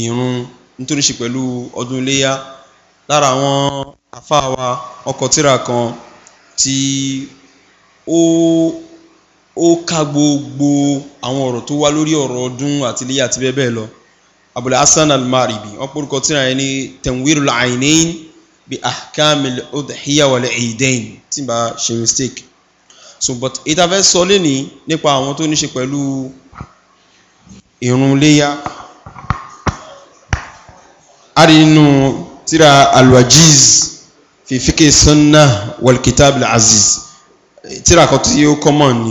ìrun nítorí ṣe pẹ̀lú ọdún iléyá lára àwọn àfáà wa ọkọ̀ tíra kan tí ó ó ka gbogbo àwọn ọ̀rọ̀ tó wá lórí ọ̀rọ̀ ọdún àti iléyá àti bẹ́ẹ̀ bẹ́ẹ̀ lọ abúlé hasan almaribi wọn pórúkọ tíra yẹn ní tẹ̀wérù àìnín bí ahkamil odhiyyawalẹ̀ eidain tí n bá ṣe mistake so but ìtafẹ́ sọ lẹ́ni nípa àwọn tó ní ṣe pẹ̀lú ìrun iléyá ari nínú tíra alwajiz fi fíkè sunna walkitab aziz tira kan tí ó kọ́mọ̀ ni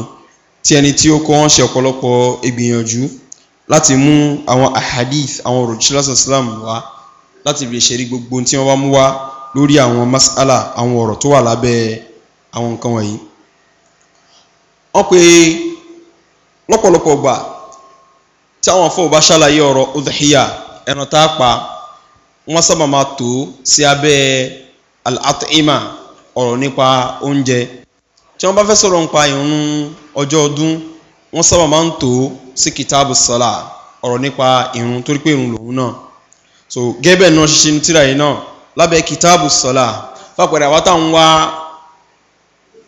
tí ẹni tí ó kọ́ wọ́n ṣe ọ̀pọ̀lọpọ̀ ìgbìyànjú láti mú àwọn ahadith àwọn òròjíṣẹ́ islam wá láti lè ṣe rí gbogbo tí wọ́n bá mú wá lórí àwọn masala àwọn ọ̀rọ̀ tó wà lábẹ́ àwọn nǹkan wọ̀nyí wọ́n pe lọ́pọ̀lọpọ̀ gbà tí àwọn afọ́ bá ṣàlàyé ọ̀rọ̀ udhiya ẹran tá pa wọ́n sábà máa tó sí abẹ́ al-at'ima ọ̀rọ̀ nípa oúnjẹ tí wọ́n bá fẹ́ sọ̀rọ̀ nípa ìrún ọjọ́ ọdún wọ́n sábà máa ń tó sí kìtàbù sọ́là ọ̀rọ̀ nípa ìrún torí pé ìrún lòun náà so gẹ́bẹ̀ náà ṣíṣe ní tíra yìí náà lábẹ́ kìtàbù sọ́là fàpẹ̀rẹ̀ àwọn táwọn wá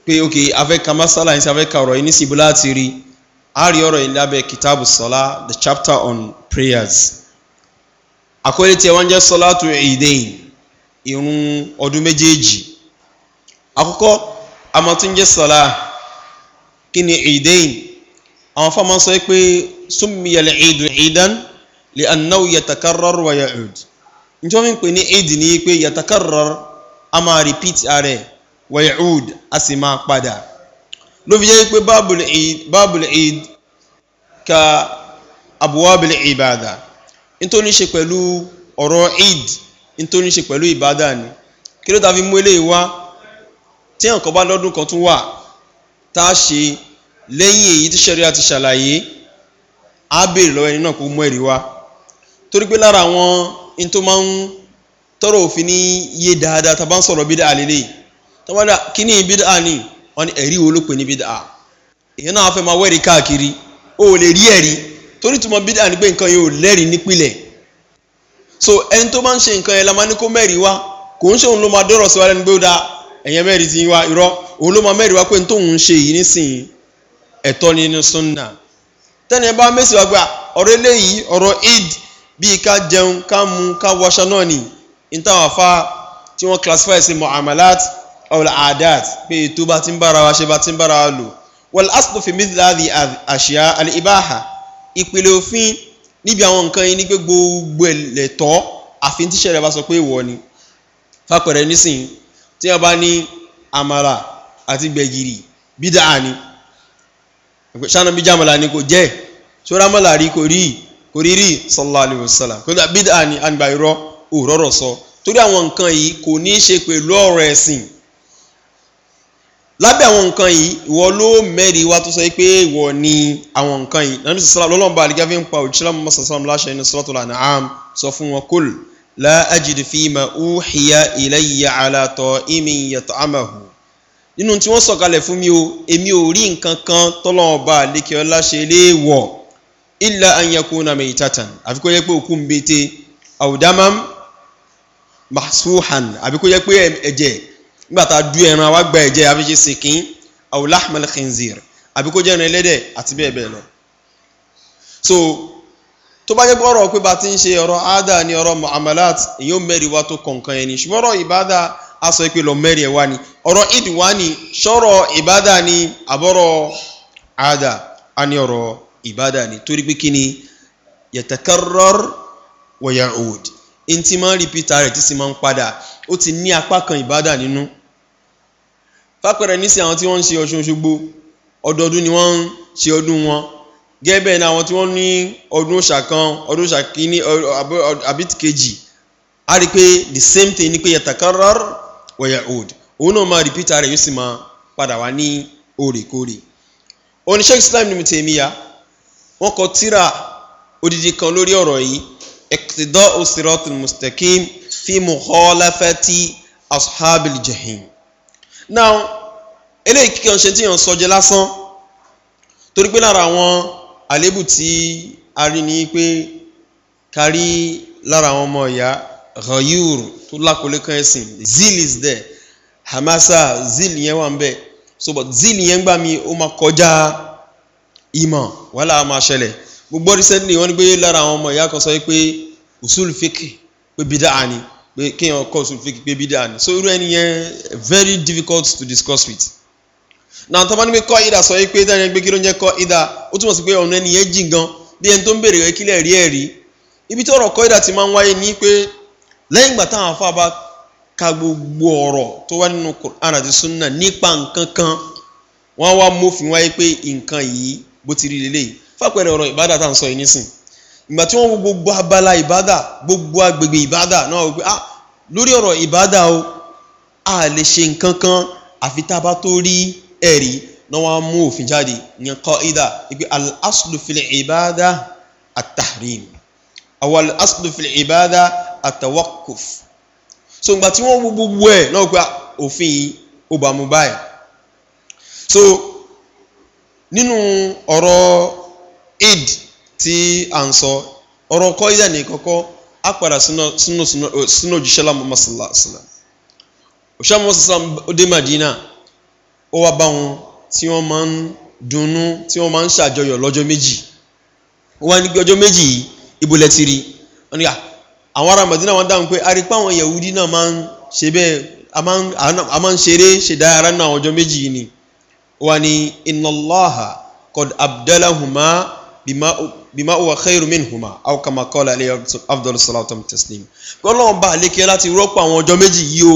pé ok afẹ́ka masala yìí sí afẹ́ka ọ̀rọ̀ yìí ní síbi láti rí a ọ̀rọ̀ yìí lábẹ́ kìtàbù sọ́là the chapter on prayers àkọlé tí wọ́n jẹ́ sọ́látù ìdẹ́yìn irun ọdún méjèèjì àkọ́kọ́ amọ̀túnjẹ́ sọ́lá kí ni ìdẹ́yìn àwọn fọ́mọ́ sọ pé súnmìyàlẹ̀ ìdù ìdán lè anáwó yàtàkárọ̀rù wáyà ìd nítorí wọ́n pè ní ìd ní pé yàtàkárọ̀rù a máa repeat ààrẹ wáyà ìd a sì máa padà ló fi jẹ́ pé báàbùl ìd ka àbúwábìl ìbàdàn nítorí ṣe pẹ̀lú ọ̀rọ̀ eid nítorí ṣe pẹ̀lú ìbádà ni kí ló ta fi mú eléyìí wá tí ẹ̀kọ́ bá lọ́dún kan tún wà tá a ṣe lẹ́yìn èyí tí sẹ́ríà ti ṣàlàyé á béèrè lọ́wọ́ ẹni náà kó mú ẹ̀rí wá torí pé lára àwọn in tó máa ń tọrọ òfin ní yé dáadáa tá a bá ń sọ̀rọ̀ bídà àlélẹ́ tó bá dà kí ni bídà ni wọn ni ẹ̀rí wo ló pè ní bídà èyí náà fẹ́ máa wẹ́rí káàkiri ó lè rí ẹ̀rí torí túmọ̀ bídà ni pé nǹkan yẹn ò lẹ́rìí nípìnlẹ̀ so ẹni tó bá ń ṣe nǹkan yẹn la máa ní kó mẹ́rìí wá kò ń ṣe ló máa dọ́rọ̀ sí wa lẹ́nu pé ó da ẹ̀yẹn mẹ́rìí ti wá irọ́ òun ló máa mẹ́rìí wá pé tóun ń ṣe yìí nísìnyí ẹ̀tọ́ ni inú sunna tẹ́ni ẹ bá mẹ́sì wá gbà ọ̀rọ̀ eléyìí ọ̀rọ̀ eid bíi ká jẹun ká mu ká wọṣọ náà nì ní táwọn afá tí wọ́n classify sí muamalat ọ̀la adat pé ètò bá ti ń bára wa ṣe bá ti ń bára wa lò wọ́n asùn fi mí ìpìlẹ̀ òfin níbi àwọn nǹkan yìí ni pé gbogbo ẹ̀lẹ̀tọ́ àfi tíṣẹ́ rẹ̀ bá sọ pé ìwọ ni fapẹ̀rẹ̀ nísìn tí wọ́n bá ní àmàrà àti gbẹ̀gìrì bídà ni ṣáná bí jàmàlà ni kò jẹ́ ṣọ́ra mọ́là rí kò rí kò rí rí sọ́lá alẹ́wọ̀sálà kódà bídà ni àgbà irọ́ òrọ́rọ̀ sọ torí àwọn nǹkan yìí kò ní í ṣe pẹ̀lú ọ̀rọ̀ ẹ̀sìn lábẹ́ àwọn nǹkan yìí ìwọ ló mẹ́rin wá tó sọ pé ìwọ ni àwọn nǹkan yìí nàbí sàlám lọ́lọ́mọba àdìgá fi ń pa òjíṣẹ́ lámú sàlám láṣẹ inú sọ́tò lànà àm sọ fún wọn kúl láàjìdì fi mà ó hìyà ìlẹ́yìí àlàtọ̀ ìmì yàtọ̀ àmàhù nínú tí wọ́n sọ̀kalẹ̀ fún mi o èmi ò rí nǹkan kan tọ́lọ́mọba àdìgá láṣẹ léèwọ̀ ilà ànyẹ̀kú nígbà tá a du ẹran wa gba ẹ̀jẹ̀ àfihàn sèkín àwòlá ahmed khinzir àbí kó ẹran ẹlẹ́dẹ̀ àti bẹ́ẹ̀ bẹ́ẹ̀ lọ. so tó bá jẹ́ pé ọ̀rọ̀ pé bá ti ń ṣe ọ̀rọ̀ ada ni ọ̀rọ̀ muamalat èyí ò mẹ́rin wa tó kọ̀ọ̀kan ẹni ṣùgbọ́n ọ̀rọ̀ ìbáda a sọ pé lọ mẹ́rin ẹ̀ wá ni ọ̀rọ̀ id wá ni ṣọ́rọ̀ ìbáda ni àbọ̀rọ̀ ada a ní ọ̀rọ̀ ìbáda ni torí pé kí ni yẹtẹkẹrọr wọ̀yà òd ntí máa ń rìpítà rẹ̀ tí sì máa ń padà ó ti ní apá kan ìbáda nínú fápẹ̀rẹ̀ ní sí àwọn tí wọ́n ń ṣe ọ̀ṣun ṣogbo ọdọọdún ni wọ́n ń ṣe ọdún wọn gẹ́gẹ́ bẹ́ẹ̀ ni àwọn tí wọ́n ní ọdún òṣà kan ọdún òṣà kìíní àbí kejì á rí i pé the same thing ni pé yàtàkárọ́r wẹ̀yà old òun náà máa repeat ara yóò sì máa padà wá ní òrèkóòrè oníṣẹ́ islam ní mùtẹ̀míyà wọ́n kọ tíra odidi kan lórí ọ̀rọ̀ yìí ẹ̀kẹ́tẹ̀dọ́ òsèrọ́tún mùsítẹ̀kìm fíìmù họ́ọ́láfẹ́ tí asuhabil jahim now eléyìí kí ọ̀ṣẹ́ tí yàn sọ jẹ lásán torí pé lára àwọn àlébù tí a rí ni pé kárí lára àwọn ọmọ ìyá ghayur tó lákòólé kan ẹ̀sìn zeal is there hamasa zeal yẹn wà ń bẹ̀ so but zeal yẹn gbà mí ó máa kọjá ìmọ̀ wàhálà máa ṣẹlẹ̀ gbogbo recently wọ́n ní pé lára àwọn ọmọ ìyá kan sọ pé usul fake pé bidá pé kéèyàn kọ́ sùn fún pé bídà ni so irú ẹni yẹn very difficult to discuss with náà tó bá ní pé kọ́ ìdá sọ yìí pé dáhùn ẹgbẹ́ kí ló ń jẹ́ kọ́ ìdá ó túmọ̀ sí pé ọ̀nà ẹni yẹn jìn gan bí ẹni tó ń béèrè kílẹ̀ rí ẹ̀ rí ibi tí ọ̀rọ̀ kọ́ ìdá ti máa ń wáyé ni pé lẹ́yìn ìgbà táwọn afá bá ka gbogbo ọ̀rọ̀ tó wá nínú quran àti sunna nípa nǹkan kan wọ́n wá mófin wáyé pé nǹkan yìí bó ti rí lélẹ́yìí fàpẹ́rẹ́ ọ̀rọ̀ ìbádà ń sọ yìí nísìnyí ìgbà tí wọ́n wo gbogbo abala ìbádà gbogbo agbègbè ìbádà náà wípé ah lórí ọ̀rọ̀ ìbádà o a lè ṣe nǹkan kan àfi tá a bá tó rí ẹ̀rí náà wọ́n á mú òfin jáde yẹn kọ́ ìdá ibi al ìbádà àtàrìm àwọn al ìbádà àtàwọ́kùf so ìgbà tí wọ́n wo gbogbo ẹ̀ náà wípé ah, òfin yìí báyìí so nínú ọ̀rọ̀ aid tí à ń sọ ọ̀rọ̀ kọ́ídà ní kọ́kọ́ á padà sínú òjíṣẹ́ lámọ́ masala sílá òṣìṣẹ́ mọ́ sísá dé madina ó wá bá wọn tí wọ́n máa ń dunnú tí wọ́n máa ń ṣàjọyọ̀ lọ́jọ́ méjì wọ́n ní ọjọ́ méjì yìí ibùlẹ̀ ti rí wọ́n ní àwọn ará madina wọn dáhùn pé arípa àwọn yahudi náà máa ń ṣe bẹ́ẹ̀ a máa ń ṣeré ṣèdáyàrá náà ọjọ́ méjì yìí ni wọ́n ní iná lọ́hà kọ́d abdalahuma bímá bima huwa khairu minhuma aw kama qala alayhi afdal salatu wa taslim kọlọ́n bá àlékè láti rọ́pò àwọn ọjọ́ méjì yìí o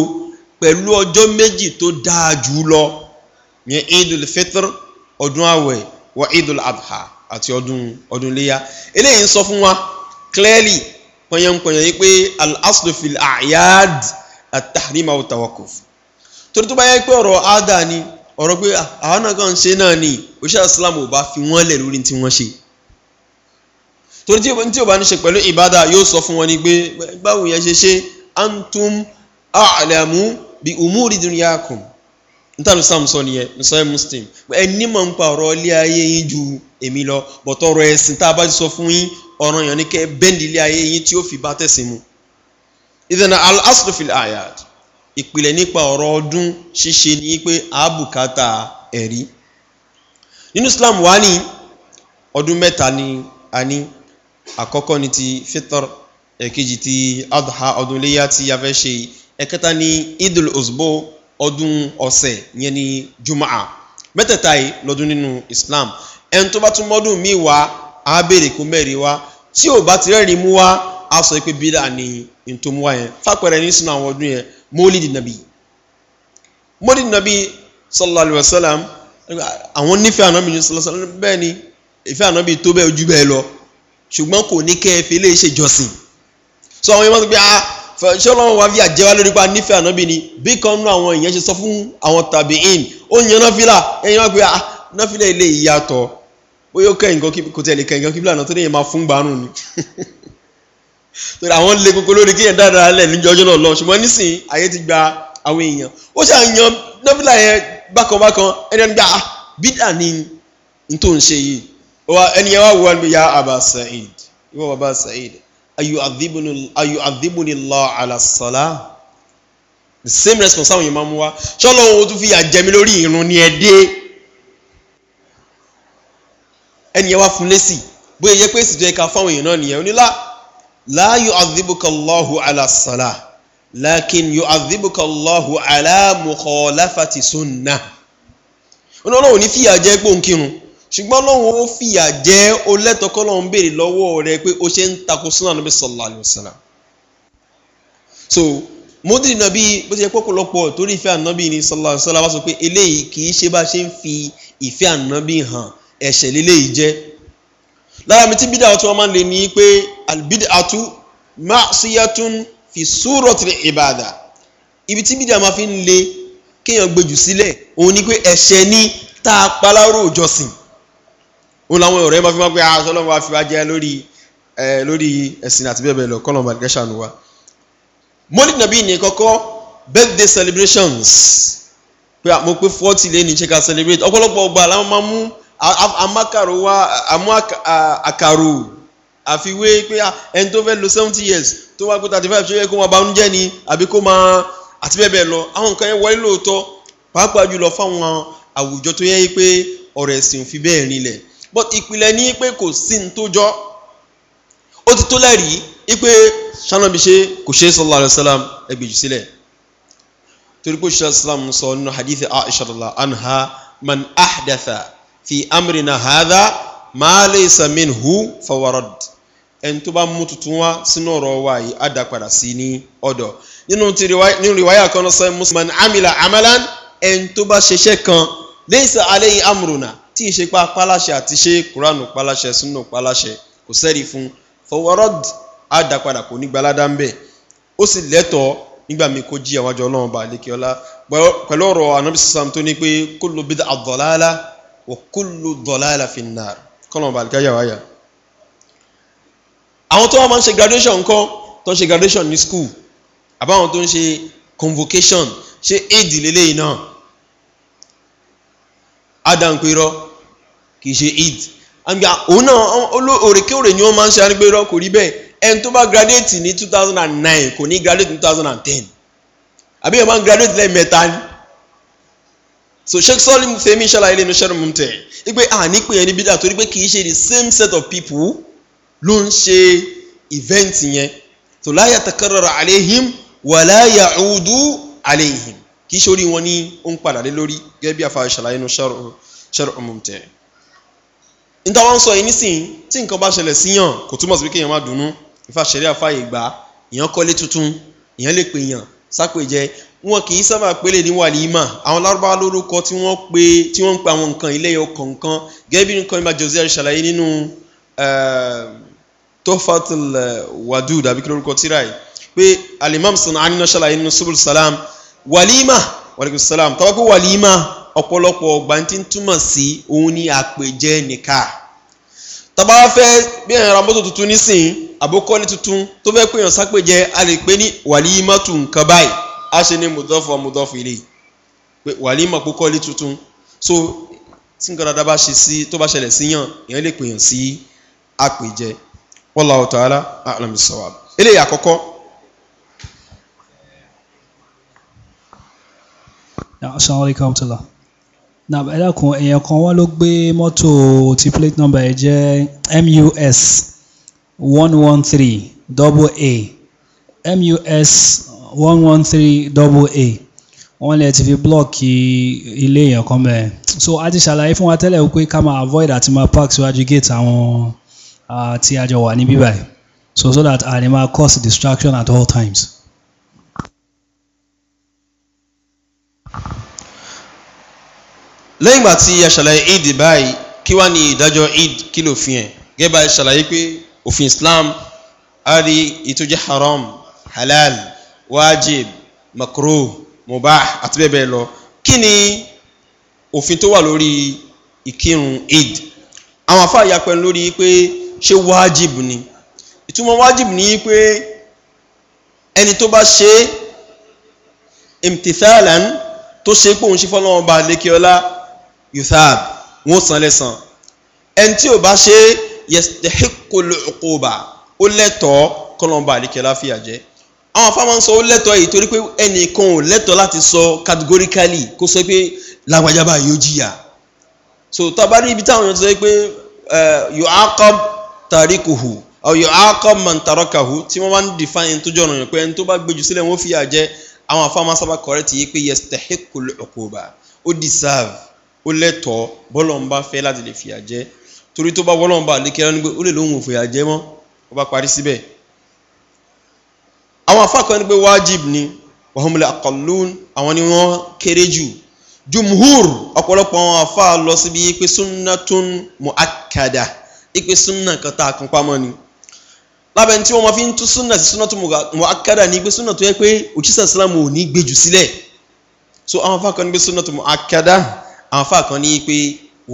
pẹ̀lú ọjọ́ méjì tó dáa jù lọ yẹn idul fitr ọdún àwẹ̀ wa idul adha àti ọdún ọdún léya eléyìí ń sọ fún wa clearly pọnyanpọnyan yìí pé al-aslufil ayad at-tahrim aw tawakuf torí tó bá yẹ pé ọ̀rọ̀ ada ni ọ̀rọ̀ pé ah, àwọn náà kàn ń ṣe náà ni òṣìṣẹ́ islam ò bá fi wọ́n lẹ̀ lórí tí wọ́n ṣe. torí tí o bá ní ṣe pẹ̀lú ìbádà yóò sọ fún wọn ni pé báwo yẹn ṣe ṣe antum alamu bi umuri dunyakum ya sam sọ samson nìsọ́yẹ muslim ẹ nímọ̀ ń pa ọ̀rọ̀ ilé ayé yín ju èmi lọ bọ̀tọ̀ ọ̀rọ̀ ẹ̀sìn tá a bá ti sọ fún yín ọ̀ràn yẹn ni kẹ́ bẹ́ẹ̀lì ilé ayé yín tí ó fi bá tẹ̀sìn mu ìdènà al ayad ìpìlẹ̀ nípa ọ̀rọ̀ ọdún ṣíṣe ni pé àbùkátà ẹ̀rí nínú islam wa ni ọdún mẹ́ta ni a ní. àkọ́kọ́ ni ti fitar ẹ̀kejì ti adha ọdún léyà tí a fẹ́ ṣe ẹ̀kẹta ni idul osbo ọdún ọ̀sẹ̀ yẹn ni jumaa mẹ́tẹ̀ẹ̀ta yìí lọ́dún nínú islam ẹni tó bá tún mọ́dún míì wá á béèrè kó mẹ́rin wá tí ò bá ti rẹ́rìn mú wá á sọ pé bídà ni ntòmú wá yẹn fàpẹ̀rẹ̀ ní sínú àwọn ọdún yẹn mólì dìnàbí mólì dìnàbí sọlá alayhi wa sàlám àwọn nífẹ̀ẹ́ ànábì ní sọlá sọlá bẹ́ẹ̀ ni ìfẹ́ ànábì tó bẹ́ẹ̀ ojú bẹ́ẹ̀ lọ ṣùgbọ́n kò ní kẹ́ ẹ fi ilé ìṣèjọsìn so àwọn ìmọ̀ tó gbé ah ṣé ọlọ́run wá fi àjẹwá lórí pa nífẹ̀ẹ́ ànábì ni bí kan nú àwọn èèyàn ṣe sọ fún àwọn tàbí in ó yan nọ́fìlà ẹ̀yin wá pé ah nọ́fìlà ilé ìyàtọ̀ bóyá ó kẹ́ nǹkan kò tẹ̀lé kẹ́ nǹkan kíbla náà tó lẹ́yìn máa fún gbàrún ni torí àwọn lè koko lórí kéèyàn dáadáa lẹ̀ níjọ́ ọjọ́ náà lọ ṣùgbọ́n nísìnyí ayé ti gba àwọn èèyàn ó ṣàyàn nọ́fìlà yẹn bákan bákan ẹni ẹni gbà ah, bídà ni n tó ń ṣe yìí ẹni ẹ wá wọ ẹni yá Aba Sa'id ìwọ Aba Sa'id ayu adhibuni Allah ala salah the same response àwọn yìí máa mú wa ṣọlọ òun tún fi àjẹmí lórí ìrun ni ẹ dé ẹni ẹ wá fún lẹ́sì bóyá yẹ pé ìsìtò ẹ̀ka fáwọn èèyàn náà nìyẹn onílà la yu'adhibuka Allahu lakin yu'adhibuka Allahu ala mukhalafati sunnah onílọ́wọ́ ní fìyà jẹ́ gbóǹkirun ṣùgbọ́n lọ́wọ́ ó fìyà jẹ́ ó lẹ́tọ̀ọ́ kọ́ lọ́wọ́ ń béèrè lọ́wọ́ rẹ pé ó ṣe ń takò sínú àná bí sọ̀lá àlè ọ̀sán. so mọ́tìrì náà bí bó ti yẹ pọ́pọ́lọpọ̀ torí ìfẹ́ ànábì ni sọ̀lá sọ̀lá wá sọ pé eléyìí kì í ṣe bá ṣe ń fi ìfẹ́ ànábì hàn ẹ̀ṣẹ̀ léléyìí jẹ́. lára mi tí bídà ọtún wọn máa ń lè ní pé àtú máa síyàtún fi súrọ̀ tìrẹ̀ ìbàdà ibi tí bídà máa fi ń le kéèyàn gbèjù sílẹ̀ òun ni pé ẹ̀ṣẹ̀ ni tá a pa òjọsìn ó láwọn ọ̀rẹ́ máa fi máa pé ah, aṣọ ọlọ́run wa fi wá jẹ́ lórí lórí ẹ̀sìn àti bẹ́ẹ̀ bẹ́ẹ̀ lọ kọ́lọ̀ mọ̀lẹ́kẹ́sà ni wa. mọ́lìdì nàbí ní kọ́kọ́ birthday celebrations pé mo pé forty lé ní ṣe ká celebrate ọ̀pọ̀lọpọ̀ ọgbà làwọn máa mú amákàrò wa àmú àkàrò àfiwé pé ah, ẹni tó fẹ́ lo seventy years tó wá pé thirty five ṣe yẹ kó máa banújẹ́ ni àbí kó máa àti bẹ́ẹ̀ bẹ́ẹ̀ lọ àwọn nǹkan yẹn wọlé lóòótọ́ pàápàá jùlọ fáwọn àwùjọ tó yẹ pé ọ̀rọ̀ ẹ̀sìn fi bẹ́ẹ̀ rinlẹ̀ but ìpìlẹ̀ ní pé kò sí ní tó jọ́ ó ti tó lẹ́rìí ipe sanabi ṣe kò ṣe sallallahu alayhi wa sallam ẹgbẹ̀jù sílẹ̀ torí pé ṣe sallam sọ nínú hadith aisha rala anha man ahdatha fi amrina hadha ma laysa minhu fawarad ẹni tó bá mú tuntun wá sínú ọ̀rọ̀ wa yìí á dá padà sí ní ọ̀dọ̀ nínú ti riwaya kan lọ sọ amila amalan ẹni tó bá ṣeṣẹ́ kan laysa alayhi amruna tí ì ṣe pa paláṣẹ àti ṣe kuranu paláṣẹ sínú paláṣẹ kò sẹ́rí fún fọwọ́rọ́d àdàpadà kò ní gbalada ń bẹ̀ ó sì lẹ́tọ̀ọ́ nígbà mi kó jí àwọn àjọ ọlọ́run bá lékè ọlá pẹ̀lú ọ̀rọ̀ anabi sísan tó ní pé kólo bí àdọ̀láàlà wọ kólo dọ̀láàlà fi nà kọ́nà bá àlùkáyà wáyà. àwọn tó wà máa ń ṣe graduation nǹkan tó ń ṣe graduation ní school àbáwọn tó ń ṣe convocation ṣe éèdì lélẹ́yìn náà á dá kì í ṣe eid àgbà òun náà òrèkéòrè ni wọ́n máa ń ṣe arígbérọ́ kò rí bẹ́ẹ̀ ẹni tó bá graduate ní two thousand and nine kò ní graduate ní two thousand and ten àbí ẹ̀ máa ń graduate lẹ́ẹ̀mẹ́ta ni so sheikh salim femi ṣàlàyé lẹ́nu ṣẹ́rùmù tẹ̀ ẹ pé àní pé ẹni bídà torí pé kì ṣe the same set of people ló ń ṣe event yẹn so láyà takarara àléhìm wà láyà ọdún àléhìm kì í ṣe orí wọn ní ó ń padà lé lórí gẹ́gẹ́ bí àfàṣàlàyé lẹ́nu ṣẹ́rùmù tẹ̀ níta wọn sọ yìí nísìnyí tí nǹkan bá ṣẹlẹ̀ síyàn kò túmọ̀ sí pé kéèyàn má dunnú ìfà ṣẹlẹ̀ àfààyè gbà èèyàn kọ́lé tuntun èèyàn lè pè yàn sápò ìjẹ wọn kì í sábà pélé ní wàlímà àwọn lárúbáwá lórúkọ tí wọn pe tí wọn ń pe àwọn nǹkan ilé ẹyọ kọ̀ọ̀kan gẹ́gẹ́ bí nǹkan ìmọ̀ jose ṣàlàyé nínú eh, tofatul eh, wadud àbí kí lórúkọ tíra yìí pé alimam sanani náà ṣàlàyé nínú subul salam wàlímà wàlíkùn salam ọ̀pọ̀lọpọ̀ ọgbà tí ń túmọ̀ sí òun ni àpèjẹ nìka tọ́ba fẹ́ bí ẹ̀yàn ra mọ́tò tuntun nísìnyí àbókọ́ ní tuntun tó fẹ́ pèèyàn sápèjẹ a lè pè ní wàlímọ́tò nǹkan báyìí a ṣe ní mùdọ́fọ̀ mùdọ́fù ilé wàlímọ̀ púpọ̀ tuntun so tí nǹkan dáadáa bá ṣe sí tó bá ṣẹlẹ̀ síyàn èèyàn lè pèèyàn sí àpèjẹ wọ́n la ọ̀tọ̀ ara àlàmìsọ̀wà eléyìí àkọ́kọ́ Assalamu wa rahmatullah na ẹ dákun èèyàn kan wọ́n ló gbé mọ́tò tí plate number ẹ̀ jẹ́ mus one one three double a mus one one three double a wọ́n lè ti fi blọ́ọ̀kì ilé èèyàn kan bẹ́ẹ̀ so a ti ṣàlàyé fún wa tẹ́lẹ̀ pé ká máa avoid àti máa park síwájú gate àwọn tí a jọ wà ní bíbá yìí so so that a lè máa cause distraction at all times lẹ́yìn ìgbà tí a ṣàlàyé eid báyìí kí wá ní ìdájọ́ eid kí ló fi hàn gẹ́gẹ́ bá a ṣàlàyé pé òfin islam a rí ìtújẹ́ haram halal wajib makro mubah àti bẹ́ẹ̀ bẹ́ẹ̀ lọ kí ni òfin tó wà lórí ìkírun eid àwọn afá ìyapẹ́ lórí pé ṣé wajib ni ìtumọ̀ wajib ni pé ẹni tó bá ṣe imtithalan tó ṣe pé òun ṣe fọ́lọ́wọ́n ba lékeọlá yuthab wọn ó san lẹ́sàn ẹni tí ò bá ṣe yẹsẹ̀híkòlù ọ̀kọ̀ọ̀bà ó lẹ́tọ̀ọ́ kọlọ́mbà àdìkẹ́lá fìyà jẹ́ àwọn afá máa ń sọ ó lẹ́tọ̀ọ́ yìí torí pé ẹnìkan ò lẹ́tọ̀ọ́ láti sọ categorically kó sọ pé làgbàjá yóò jìyà so tábà ní ibi táwọn èèyàn ti sọ pé yóò ákọ́ tàríkùhù yóò ákọ́ tí wọ́n máa ń define tó jọ̀rọ̀ yẹn pé ẹni tó bá gbèjù sílẹ̀ wọ́n fìyà jẹ́ àwọn afá máa sábà correct yìí pé yẹsẹ̀híkòlù ó deserve ó lẹ́tọ̀ọ́ bọ́lọ̀ ń bá fẹ́ láti lè fìyà jẹ́ torí tó bá wọ́lọ̀ ń bá lè kíra ní pé ó lè lóhun òfìyà jẹ́ mọ́ ó bá parí síbẹ̀ àwọn afákan ní pé wájib ni wàhùnmílẹ̀ àkọlùún àwọn ni wọ́n kéré jù jumhur ọ̀pọ̀lọpọ̀ àwọn afá lọ síbi ipe súnà tó ń mú akada ipe súnà kan tá a kan pamọ́ ni lábẹ́ tí wọ́n máa fi ń tú súnà sí súnà tó mú akada ni ipe súnà tó yẹ pé òjísà sílámù ò ní gbèjù sílẹ̀ so àwọn afákan ní pé súnà tó mú akada àǹfà kan ní pé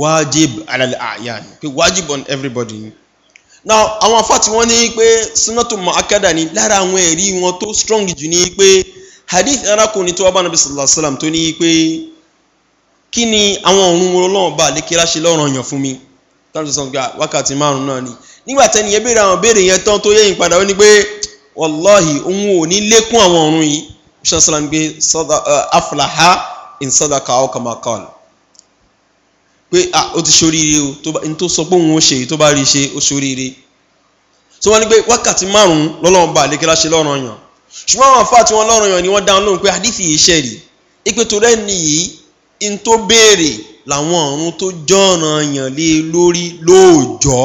wajib alal ayan pé wajib on everybody ni now àwọn àǹfà tí wọ́n ní pé sinatu mu'akkada ni lára àwọn ẹ̀rí wọn tó strong jù ní pé hadith arákùnrin tó wá bá nàbí sallallahu alayhi wa sallam tó ní pé kí ni àwọn òun wọn lọ́wọ́ bá lékera ṣe lọ́rọ̀ yàn fún mi táwọn sọ pé ah, wákàtí márùn náà ni nígbà tẹ́ni yẹn béèrè àwọn béèrè yẹn tán tó yẹ yín padà ó ní pé wàláhì òun ò ní lékún àwọn ọ̀run yìí ṣe sọ́la ní pé aflaha in sadaka ọkọ̀ makọ́ọ̀lù pé ah ó ti ṣoríire o n tó sọ pé òun ó ṣe èyí tó bá rí i ṣe ó ṣoríire tí wọ́n ní pé wákàtí márùn-ún lọ́lọ́run bá àlékélá ṣe lọ́rùn yàn ṣùgbọ́n àwọn afá tí wọ́n lọ́rùn yàn ni wọ́n dáhùn lóhùn pé àdìsí yìí ṣẹ̀ rí ipe tó rẹ́ni yìí n tó béèrè làwọn ọ̀run tó jọ̀nà yàn lé lórí lóòjọ́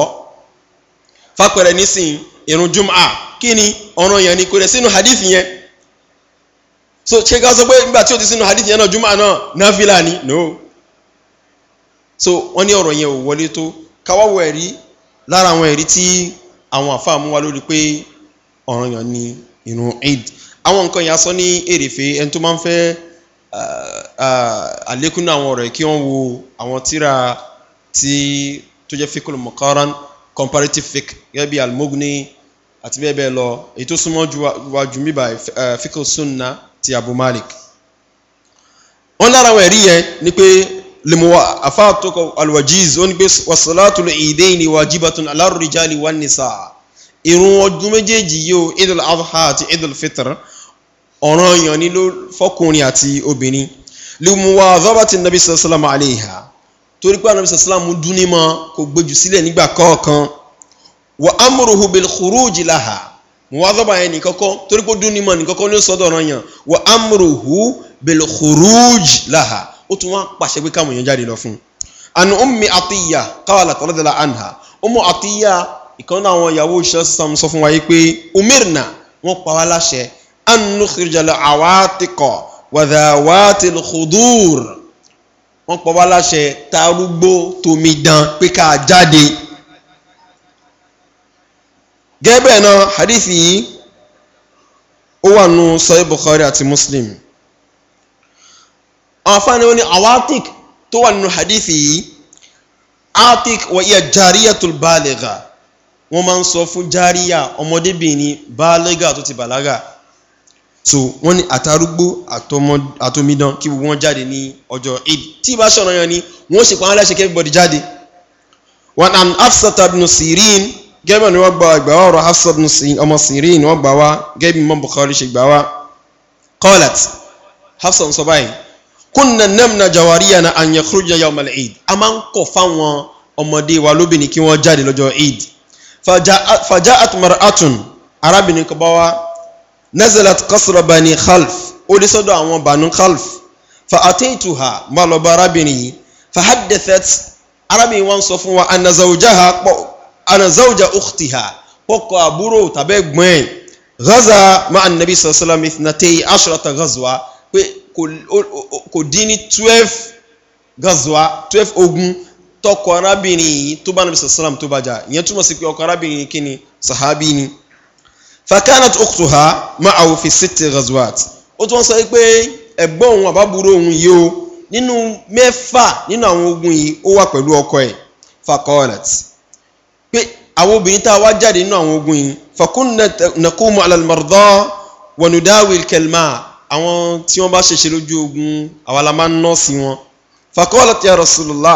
fapẹ̀rẹ̀ nísìn irun jum'a kí ni ọ̀ràn yàn ni kò rẹ̀ sínú hadith yẹn so ṣé ká sọ pé nígbà tí ó ti sínú hadith yẹn náà jum'a náà náfìlà ni no so wọ́n ní ọ̀rọ̀ yẹn ò wọlé tó káwáwọ̀ ẹ̀rí lára àwọn ẹ̀rí tí àwọn àfáà mú wa lórí pé ọ̀ràn yàn ni irun eid àwọn nǹkan yẹn asọ́ ní èrèfé ẹni tó máa ń fẹ́ àlékún àwọn ọ̀rọ̀ yìí kí wọ́n wo àwọn tíra tí tó jẹ́ fikulu mukaran comparative fake gẹ́gẹ́ bí almogni àti bẹ́ẹ̀ bẹ́ẹ̀ lọ èyí tó súnmọ́ wa jù mí báyìí fikul sunna ti abu malik wọ́n lára àwọn ẹ̀rí yẹn ni pé limuwa afaatoko alwajiz ó ní pé wasalatu ìdè ni wajibatun alárùjáli wa nisa irun ọdún méjèèjì yìí o idil adha àti idil fitr ọ̀ràn èèyàn nílò fọkùnrin àti obìnrin limuwa zọbàtì nabi sallam aleha torí pé anabi sallam dún ní mọ kò gbójú sílẹ̀ nígbà kọ̀ọ̀kan wa amuruhu bil khuruji laha muwa zọba yẹn ní kọ́kọ́ torí pé dún ní mọ ní kọ́kọ́ ní sọ́dọ̀ ọ̀ràn yẹn wa amuruhu bil khuruji laha ó tún wá pàṣẹ pé káwọn èèyàn jáde lọ fún un àna ummi atiya káwàlà kọ́lọ́dọ̀lá anha ummu atiya ìkan náà àwọn ìyàwó iṣẹ́ sam sọ fún wa yìí pé umirna wọ́n pa wá láṣẹ anu xirjala awatikọ wàdàwàtì wọ́n pa láṣẹ àfáàní wọn ni awatik tó wà nínú hadithi yìí atik wà iya jariya tó baaliga wọn máa ń sọ fún jariya ọmọdébìnrin baaliga tó ti balaga so wọn ni àtàrúgbó àtọmídán kí wọn jáde ní ọjọ eid tí bá ṣọ̀nà yẹn ni wọn sì pa wọn láṣẹ kí everybody jáde wọn àn afsata bin sirin gẹ́gẹ́ ni wọ́n gba ìgbà wa ọ̀rọ̀ hafsa ọmọ sirin wọ́n gbà wá gẹ́gẹ́ mọ́ bukhari ṣe gbà wá kọ́lẹ̀t hafsa sọ báyìí kunna namna jawariyana an yakhruja yawm al-eid a máa ń kọ̀ fáwọn ọmọdé wa lóbìnrin kí wọ́n jáde lọ́jọ́ eid faja'at mar'atun arábìnrin kan bá wá nazalat qasra bani khalf ó dé sọ́dọ̀ àwọn banu khalf fa ataytuha má lọ bá arábìnrin yìí fa haddathat arábìnrin wa ń sọ fún wa anna zawjaha anna zawja ukhtiha pọkọ àbúrò tàbẹ́gbọ́n ẹ̀ ghaza ma'an nabi sallallahu alaihi wasallam ithnatay ghazwa kò dín ní twelve gazwa twelve ogun tọkọ arábìnrin yìí tó bá nàbí sàlám tó bá jà ìyẹn túmọ̀ sí pé ọkọ arábìnrin yìí kí ni sàhábì ni fakanat okutuha ma awo fi sète gazwat ó tún sọ pé ẹ̀gbọ́n òun àbábúrò òun yìí o nínú mẹ́fà nínú àwọn ogun yìí ó wà pẹ̀lú ọkọ ẹ̀ fakanat pé àwọn obìnrin tá a wá jáde nínú àwọn ogun yìí fakunna nakumu alalmardọ wọnúdáwìl kẹlmáà àwọn tí wọ́n bá ṣẹ̀ṣẹ̀ lójú ogun àwa la máa ń nọ́ọ̀sì wọn fàkọ́lá ti àrọ̀sọ̀lá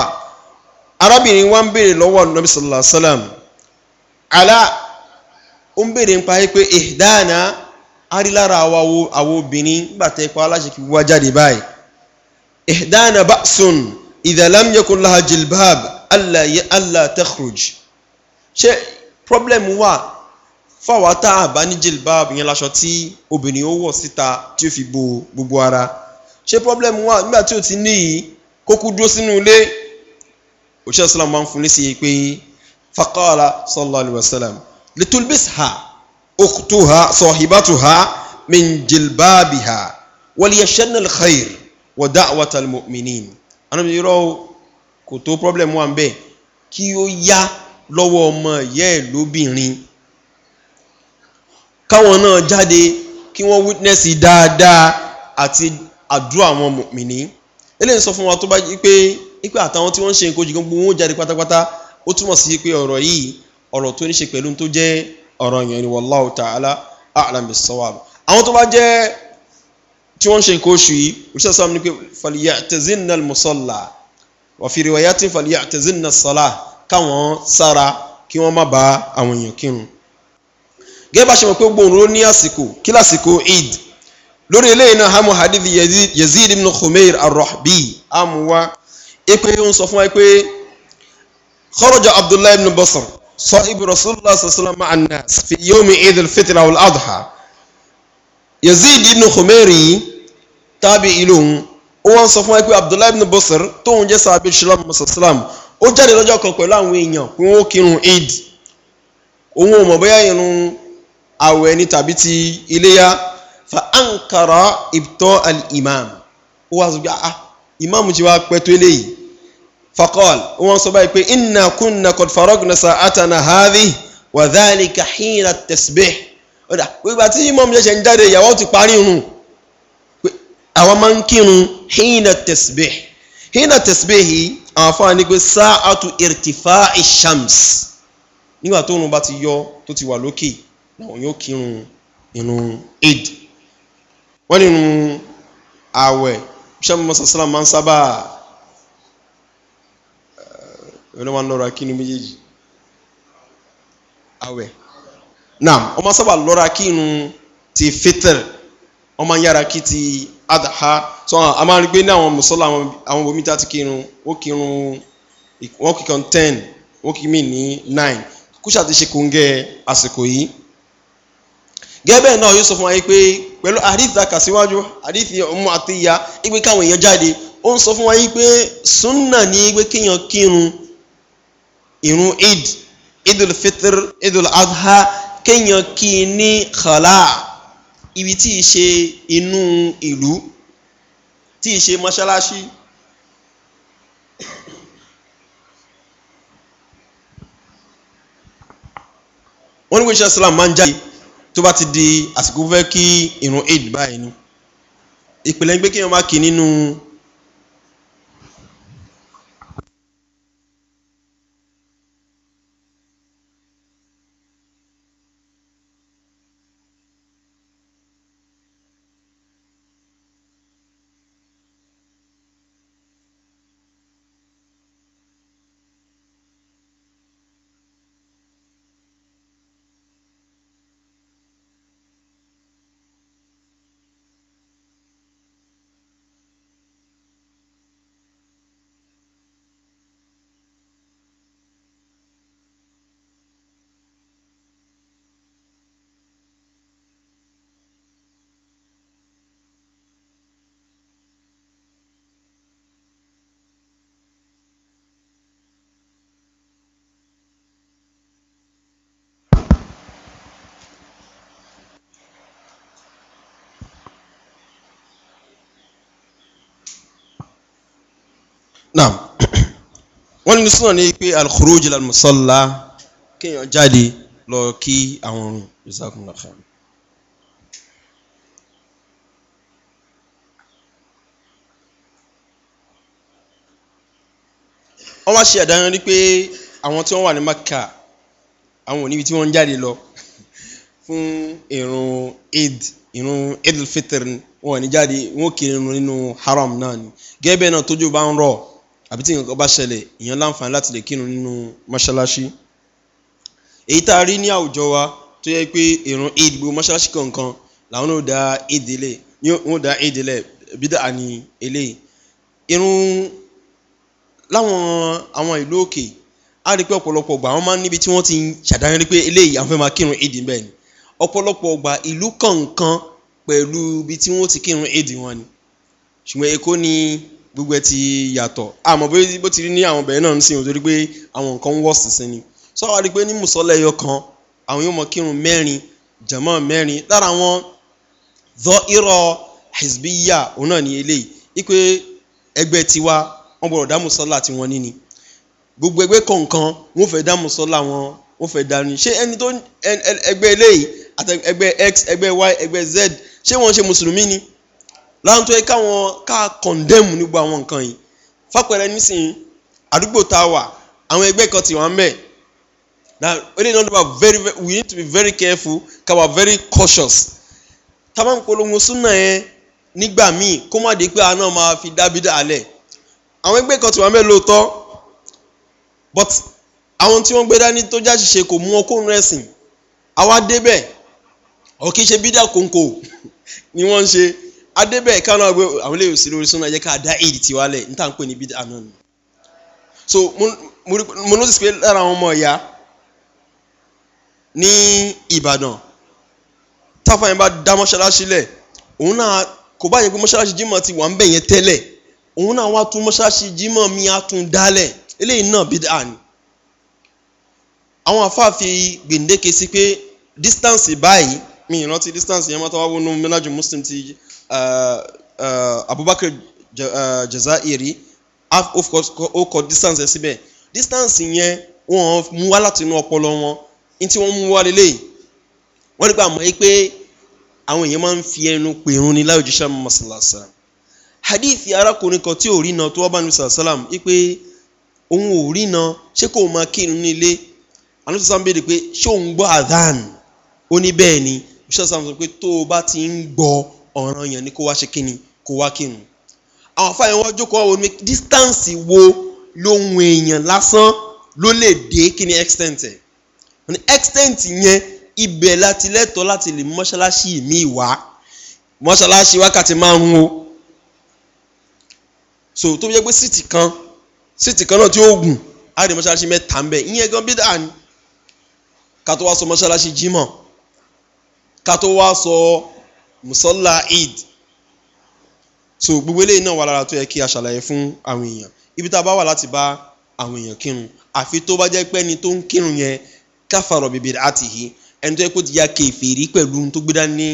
arábìnrin wa ń béèrè lọ́wọ́ nàbí sọ̀lá sálàm àlá ó ń béèrè nípa pé ìdáàna arílára àwọn obìnrin nígbà tẹ́ pa aláṣẹ kí wá jáde báyìí ìdáàna bàṣùn ìdàlámyẹkùn láhàjìlbáàb allah tẹ́kùrùj ṣé problem wà fáwa tá a bá ní jilbab yẹn laṣọ tí obìnrin ó wọ̀ síta tí ó fi bo gbogbo ara ṣé problem wà nígbà tí ó ti ní yìí kókó dúró sínú ilé òṣìṣẹ́ islam máa ń fún lésì yìí pé fakala sallallahu alayhi wa sallam litulbisha ukhtuha sahibatuha min jilbabiha waliyashanna alkhair wa da'wat almu'minin anam yiro kò tó problem wà ń bẹ kí ó yá lọ́wọ́ ọmọ ìyá káwọn náà jáde kí wọ́n witness dáadáa àti àdúrà àwọn mìíní eléyìí sọ fún wa tó bá yí pé ipe àtàwọn tí wọ́n ń ṣe nǹkan jùlọ gbogbo wọn jáde pátápátá ó túmọ̀ sí pé ọ̀rọ̀ yìí ọ̀rọ̀ tó ní ṣe pẹ̀lú tó jẹ́ ọ̀rọ̀ yẹn ni wọ́n láwù tá àlá àlàmì sọ́wàbù àwọn tó bá jẹ́ tí wọ́n ń ṣe nǹkan oṣù yìí òṣìṣẹ́ sọ́wọ́n ni pé fàlìyà tẹ̀sínà mùsọ̀là wàfìrì wàyà tí fàlìyà tẹ̀sínà sọ́là káwọn sára kí wọ́n má ba àwọn èèyàn kírun gẹ́gẹ́ bá ṣe mọ̀ pé gbogbo òun ló ní àsìkò kí lásìkò eid lórí eléyìí náà hamu hadith yazid ibn khumeir arrahbi amuwa ipe ń sọ fún wa pé kọ́rọ̀jà abdullahi ibn basr sọ ibi rasulillah sallallahu alaihi wa sallam fi yomi eid al-fitr awul adha yazid ibn khumeir yìí tábì ìlú òun ó wọ́n sọ fún wa pé abdullahi ibn basr tóun jẹ́ sábẹ́ ṣùlá musalam ó jáde lọ́jọ́ kan pẹ̀lú àwọn èèyàn pé wọ́n kírun eid òun ò mọ̀ bóyá irun àwọ̀ ẹni tàbí ti iléyà fa ankara ibtọ́ al-imam ó wá sọ pé ah, ah imam ti wá pẹ́ tó eléyìí fakọ́l wọ́n sọ báyìí pé inna kunna kod faragna sa'atana hadhi wa dhalika hina tasbih ọ̀dà gbogbo àti imam ṣẹ̀ṣẹ̀ ń jáde ìyàwó ti parí irun àwọn máa ń kírun hina tasbih hina tasbih yìí àwọn afáàní pé sa'atu irtifa ishams nígbà tó rùn bá ti yọ tó ti wà lókè làwọn yóò kírun irun eid wọ́n ní irun ààwẹ̀ bíṣẹ́ mọ́sá sálà máa ń sábà eh, ẹ̀rọ máa ń lọ́ra kí ni méjèèjì ààwẹ̀ náà wọ́n máa sábà lọ́ra kí ti fitr wọ́n máa ń yára kí ti adha so a máa ń gbé ní àwọn mùsọ́lá àwọn bomi tá ti kírun ó kírun wọ́n kí ten wọ́n kí mí ní nine kúṣà ti ṣe kóńgẹ́ àsìkò yìí gẹ́gẹ́ náà yóò sọ fún wa yìí pé pẹ̀lú àdìsí àkàsíwájú àdìsí ọmọ àti ìyá ipe káwọn èèyàn jáde ó ń sọ fún wa yìí pé sunna ní pé kéèyàn kírun irun eid idul fitr idul adha kéèyàn kí i ní khala ibi tí ì ṣe inú ìlú tí ì ṣe mọ́ṣáláṣí. wọ́n ní wíṣọ́ islam máa ń jáde tó bá ti di àsìkò fẹ́ kí irun eid báyìí ni ìpìlẹ̀ ń gbé kí wọ́n má kí nínú ní súnà ní pé al-khuruj ila al-musalla kéèyàn jáde lọ kí àwọn ọ̀run jazakumullahu khairan. wọ́n wá ṣe àdáyán rí pé àwọn tí wọ́n wà ní Maka àwọn níbi tí wọ́n ń jáde lọ fún ìrun Eid ìrun Eid al wọn ò ní jáde wọn ò kiri nínú haram náà ni gẹ́gẹ́ bẹ́ẹ̀ náà tójú bá ń rọ̀ àbí tí nǹkan bá ṣẹlẹ̀ èèyàn láǹfààní láti lè kírun nínú mọ́ṣáláṣí èyí tá a rí ní àwùjọ wa tó yẹ pé ìrun eid gbogbo mọ́ṣáláṣí kọ̀ọ̀kan làwọn náà da eid lẹ̀ wọ́n da eid lẹ̀ bídà ní eléyìí ìrun láwọn àwọn ìlú òkè á rí pé ọ̀pọ̀lọpọ̀ ọgbà wọn máa ń níbi tí wọ́n ti ń ṣàdáyé rí pé eléyìí àwọn fẹ́ máa kírun eid bẹ́ẹ̀ ni ọ̀pọ̀lọpọ̀ ọgbà ìlú kọ̀ọ̀kan pẹ̀lú ibi tí wọ́n ti kírun eid wọn ni ṣùgbọ́n èkó ni gbogbo ẹ ti yàtọ̀ àmọ́ bó ti rí ní àwọn bẹ̀rẹ̀ náà ń sìn torí pé àwọn nǹkan ń wọ̀ sísìn ni sọ wá rí i pé ní mùsọ́lẹ̀ yọ kan àwọn yóò mọ kírun mẹ́rin jẹ̀mọ́ mẹ́rin lára wọn zọ irọ́ hezbiya òun náà ní eléyìí ipe ẹgbẹ́ tiwa wọn gbọ́dọ̀ dá mùsọ́lá tí wọ́n ní ni gbogbo ẹgbẹ́ kọ̀ọ̀kan wọn fẹ́ dá mùsọ́lá wọn wọn fẹ́ dá ní ṣé ẹni tó ẹgbẹ́ eléyìí àti ẹgbẹ́ x ẹgbẹ́ y ẹgbẹ́ z ṣé wọ́n ṣe mùsùlùmí ni láwọn tó yẹ káwọn ká kọ̀ndẹ́mù nígbà àwọn nǹkan yìí fapẹ̀rẹ̀ nísìnyí àdúgbò tá a wà àwọn ẹgbẹ́ kan ti wà ń bẹ̀ now we need to be very we need to be very careful ka we very cautious tábà ń polongo súnà yẹn nígbà míì kó má di pé àná máa fi dábìdá alẹ̀ àwọn ẹgbẹ́ kan ti wà ń bẹ̀ lóòótọ́ but àwọn tí wọ́n gbé dání tó já ṣiṣe kò mú wọn kó ń àwa débẹ̀ ọ̀kì ni wọ́n Adebe kánú àgbẹ̀ àwọn ilé ìsìn lórí súnà jẹ́ ká dá èdè tiwa lẹ̀ níta ń so mo notice pé lára àwọn ọmọ ìyá ní ìbàdàn táfà yẹn bá dá mọ́ṣáláṣí lẹ̀ òun na kò bá yẹn pé mọ́ṣáláṣí ti wà ń bẹ̀ yẹn òun náà wá tún mi á tún dálẹ̀ eléyìí náà bídà àwọn gbendeke si pe distance báyìí mi ìrántí distance yẹn wá wọnú muslim ti Uh, uh, Abubakar uh, Jazairi ó kọ distance ẹ síbẹ̀ distance yẹn wọ́n mú wá láti inú ọpọlọ wọn ní tí wọ́n mú wá lélẹ̀ wọ́n nípa àmọ́ yìí pé àwọn èèyàn máa ń fi ẹnu pèrún ní láwùjọ sàmù masalasa hadith arákùnrin kan tí ò rí na tó wá bá nùsà sálàm yìí pé òun ò rí na ṣé kò máa kírun ní ilé anúṣe sàm béèrè pé ṣé òun gbọ́ adhan ó ṣé sàm sọ pé tó o bá ti ń gbọ́ ọ̀ràn yẹn ni kó wá ṣe kíni kó wá kírun àwọn afáyẹn wọn jókòó wọn ní distance wo lóhun èèyàn lásán ló lè dé ni extent ẹ̀ ní extent yẹn ibẹ̀ láti lẹ́tọ̀ọ́ láti lè mọ́ṣáláṣí mi wá mọ́ṣáláṣí wákàtí márùn-ún o so tó bí yẹ pé síìtì kan síìtì kan náà tí ó gùn á rí mọ́ṣáláṣí mẹ́ta ń bẹ̀ ìyẹn gan bí dáa ni ká tó wá sọ mọ́ṣáláṣí jimoh ká tó wá sọ musalla eid so gbogbo eléyìí náà wà lára tó yẹ kí a ṣàlàyé fún àwọn èèyàn ibi tá a bá wà láti bá àwọn èèyàn kírun àfi tó bá jẹ́ pé ẹni tó ń kírun yẹn káfàrọ̀ bèbè àti yìí ẹni tó yẹ kó ti ya kèfèrí pẹ̀lú tó gbé dání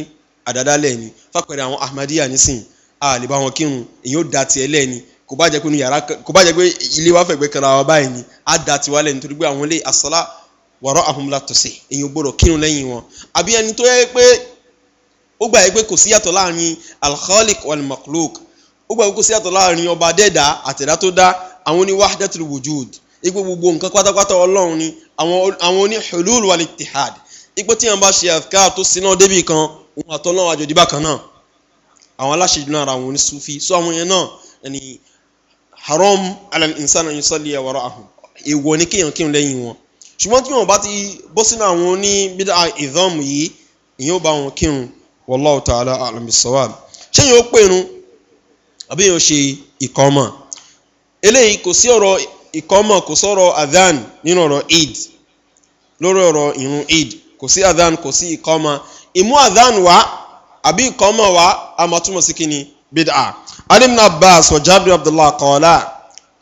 àdádálẹ̀ ni fàpẹ̀rẹ̀ àwọn ahmadiyya nísìn a lè bá wọn kírun èyí ó da tiẹ̀ lẹ́ni kò bá jẹ́ pé yàrá kò bá jẹ́ pé ilé wa fẹ̀gbẹ́ kan ara báyìí ni a da tiwa lẹ́ni torí pé àwọn ilé asọ́lá wàrọ̀ àhùnmùlá tọ̀sẹ̀ èyí gbọ́dọ̀ kírun lẹ́yìn wọn àbí ẹni tó yẹ pé ó gbà yí pé kò sí yàtọ̀ láàrin alkhaliq wal makhluq ó gbà yí pé kò sí yàtọ̀ láàrin ọba dẹ́ẹ̀dá àtẹ̀dá tó dá àwọn oní wahdatul wujud ipò gbogbo nǹkan pátápátá ọlọ́run ni àwọn oní hulul wal ittihad ipò tí wọn bá ṣe afkar tó siná débì kan òun àtọ́ náà àjòdì bákan náà àwọn aláṣejù náà ara àwọn oní sufi so àwọn yẹn náà ẹni haram alal insana yusalli wara ahun èèwọ̀ ni kéèyàn kéèyàn lẹ́yìn wọn ṣùgbọ́n tí wọn bá ti bọ́ sínú àwọn oní bídà ìdánmù yìí ìyẹn ó bá wọn kírun wallahu ta'ala a'lam bis-sawab ṣé yẹn ó pèrún àbí yẹn ó ṣe ìkọ́mọ̀ eléyìí kò sí ọ̀rọ̀ ìkọ́mọ̀ kò sọ̀rọ̀ adhan nínú ọ̀rọ̀ eid lórí ọ̀rọ̀ ìrun eid kò sí adhan kò sí ìkọ́mọ̀ ìmú adhan wá àbí ìkọ́mọ̀ wá a máa túmọ̀ sí kíni bid'a alimna abbas wa jabir abdullah qala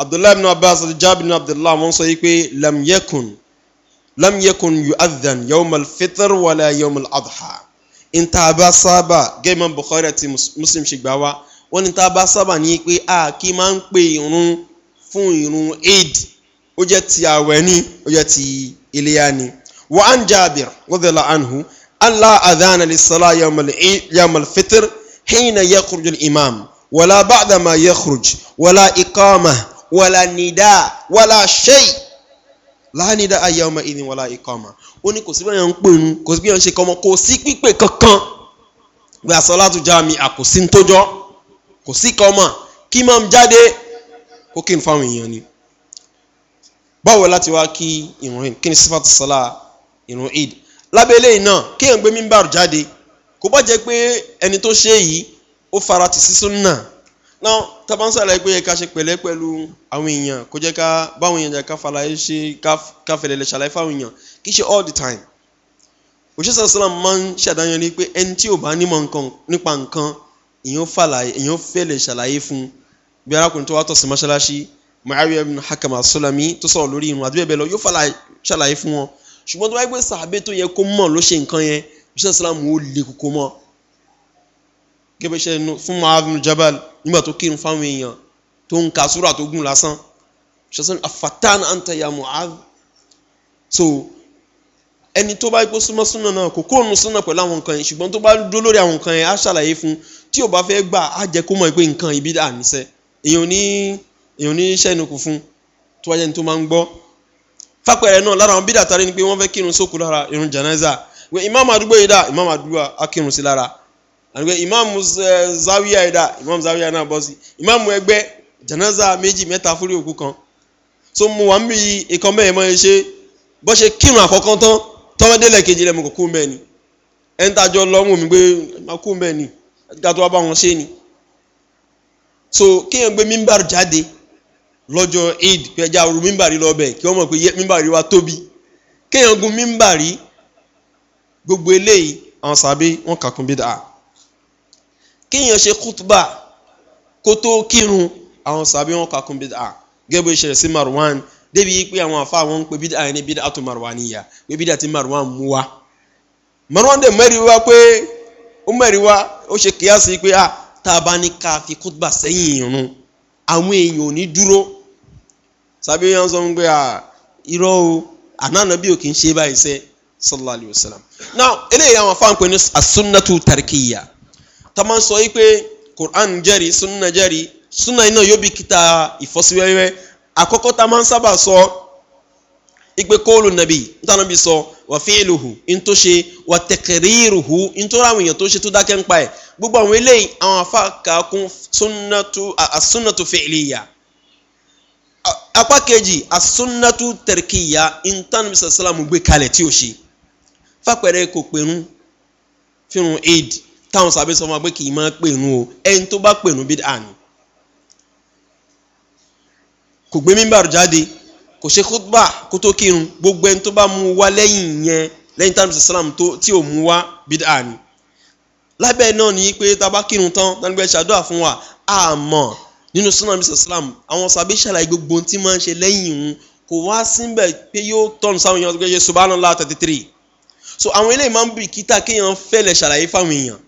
abdullah ibn abbas wa jabir ibn abdullah sọ yìí pé lam yakun lam yakun yu'adhan yawm al-fitr wala yawm al níta bá sábà gẹ́gẹ́ bukhari àti muslim ṣe gbà wá wọ́n níta bá sábà ní pé a kì í máa ń pe irun fún irun eid ó jẹ́ ti àwẹ̀ ni ó jẹ́ ti iléyà ni. wa an jaabir wadala anhu allah adana lisala yamal fitr hina yakhruj imam wala ba'da ma yakhruj wala iqama wala nida wala shay láàánidá ayé ọmọ ìdìn wọlá ikọ̀ ọmọ ó ní kò sí bẹ́ẹ̀ ń pèrún kò sí bẹ́ẹ̀ ń ṣe kọ́mọ kò sí pípé kankan gbé asọ́látù jáàmì àkòsí ń tójọ́ kò sí kọ́mọ kí máa ń jáde kó kí n fáwọn èèyàn ni. báwo láti wá kí ìrun id kí ni sífàtú sọlá ìrun id lábẹ́lẹ́ iná kí èèyàn gbé mímbàrú jáde kó bá jẹ́ pé ẹni tó ṣe yìí ó fara tì sí súnà náà tábà ń sàlàyé pé ká ṣe pẹ̀lẹ́ pẹ̀lú àwọn èèyàn kò jẹ́ ká báwọn èèyàn jà ká fàlàyé ṣe ká fẹ̀lẹ̀lẹ̀ ṣàlàyé fáwọn èèyàn kì í ṣe all the time òṣìṣẹ́ sàlám máa ń ṣàdáyàn ní pé ẹni tí ò bá nímọ̀ nípa nǹkan èèyàn fàlàyé èèyàn fẹ̀lẹ̀ ṣàlàyé fún bí arákùnrin tó wá tọ̀sí mọ́ṣáláṣí muawiya bin hakam asolami tó sọ̀rọ̀ lórí irun gẹ́gẹ́ ṣe nu fún mahamud jabal nígbà tó kírun fáwọn èèyàn tó ń ka sóra tó gùn lásán ṣẹṣẹ́ni afatan antaya muhammed so ẹni tó bá gbó súnmọ́ súnà náà kò kóònù súnà pẹ̀lú àwọn nǹkan yẹn ṣùgbọ́n tó bá dúró lórí àwọn nǹkan yẹn á ṣàlàyé fún tí ò bá fẹ́ gbà á jẹ́ kó mọ̀ pé nǹkan ibi dà níṣẹ́ èèyàn ní èèyàn ní iṣẹ́ inú kò fún tó wáyé ní tó máa ń gbọ́ fápẹ̀rẹ̀ náà lára àwọn bídà tarí ni pé wọ́n fẹ́ kírun sókù lára irun jẹ̀nẹ́zà ìmáàmù àdúgbò yìí dà ìmáàmù àdúgbò akírun sí lára àdúgbò ìmáàmù uh, zawiya ẹ̀dá ìmáàmù zawiya náà bọ́ sí ìmáàmù ẹgbẹ́ jẹ̀nẹ́sà méjì mẹ́ta fúrí òkú kan tó mu wà ń bí ikọ̀ mẹ́rin mọ́ ẹ ṣe bọ́ ṣe kírun àkọ́kọ́ tán tọ́mọdélẹ̀ kejì lẹ́mu kò kú mẹ́ẹ̀ ni ẹ̀ lọ́mù mi pé má kú mẹ́ẹ̀ ni gíga tó bá wọn ṣe ni so kéèyàn gbé mímbàrú jáde lọ́jọ́ eid pẹ̀já ooru mímbàrí lọ́bẹ̀ kí wọ́n mọ̀ pé mímbàrí wa tóbi kéèyàn gun mímbàrí gbogbo eléyìí àwọn sàbẹ̀ wọn kàkún bí dáa kéèyàn ṣe kútùbà kó tó kírun àwọn sàbí wọn kàkún bídà gẹ́gẹ́ bó ṣẹlẹ̀ sí marwan débi pé àwọn àfa àwọn ń pe bídà ní bídà tó marwan yìí yá pé bídà tí marwan mú wa marwan dẹ̀ mẹ́rin wá pé ó mẹ́rin wá ó ṣe kíyàsí pé ah, tá a bá ní ká fi kútùbà sẹ́yìn irun àwọn èèyàn ò ní dúró sàbí wọn sọ pé ah, irọ́ o ànánàbí ò kì í ṣe báyìí sẹ́ sallallahu alayhi wa sallam now eléyìí àwọn afa ń pè ní asúnnatu tarkiyya tọ́mọ sọ yìí pé quran jẹ́rìí sunna jẹ́rìí sunna iná yóò bí kíta ìfọ́síwẹ́wẹ́ àkọ́kọ́ tá a máa ń sábà sọ ipe kóòlù nàbì nítorí bí sọ wà fi ìlùhù in tó ṣe wà tẹ̀kẹ̀rí ìrùhù in tó ráwọn èèyàn tó ṣe tó dákẹ́ ń pa ẹ̀ gbogbo àwọn eléyìí àwọn afa kàákún asúnnàtú fìlìyà apá kejì asúnnàtú tẹ̀rìkìyà in tánà bí sàlámù gbé kalẹ̀ tí ò ṣe fàpẹ̀rẹ̀ kò pẹ̀rún fírun eid táwọn sábẹ́ sọ fún wa pé kì í máa pèrún o ẹni tó bá pèrún bídà ni kò gbé mímbàrú jáde kò ṣe kútbà kó tó kírun gbogbo ẹni tó bá mú wá lẹ́yìn yẹn lẹ́yìn tí àmì sàlám tí ò mú wá bídà ni lábẹ́ náà ni pé tá a bá kírun tán tánigbà ṣàdúrà fún wa àmọ́ nínú súnà àmì sàlám àwọn sábẹ́ ṣàlàyé gbogbo ohun tí máa ń ṣe lẹ́yìn òun kò wá síbẹ̀ pé yóò tọ́nu sáwọn èèyàn tó gbé ṣe subhanallah thirty three so àwọn eléyìí máa ń bìkítà kéèyàn fẹ́lẹ̀ ṣàlàyé fáwọn èèyàn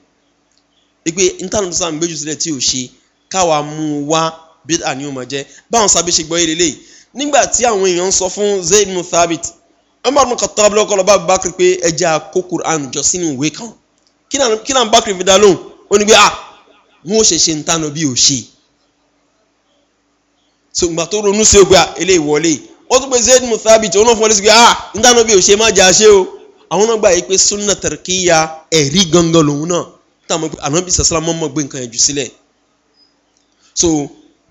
wípé intanet sáà ń gbéjú sílẹ̀ tí ò ṣe káwa mú un wá bí àníyàn máa jẹ́ báwọn sábẹ́ ṣe gbọ́ yé lélẹ̀ nígbà tí àwọn èèyàn ń sọ fún zayd muthabit ọmọ ọdún kan tábìlì ọkọ lọba bakri pé ẹja kó quran jọ sínú ìwé kan kí náà bakri fi dá lóhùn ó ní pé ah wọn ò ṣe ṣe ń tánà bí ò ṣe ṣùgbọ́n tó ronú sí ògbà ah, eléyìí wọlé ó tún pé zayd muthabit òun náà fún wọlé pé ah ń bí ò ṣe má jà ṣe o àwọn náà gbà yí pé sunna tẹ̀rẹ̀kíyà ẹ̀rí gangan lòun náà táwọn ànábì sàsálà mọ́mọ́ gbé nǹkan yẹn jù sílẹ̀ so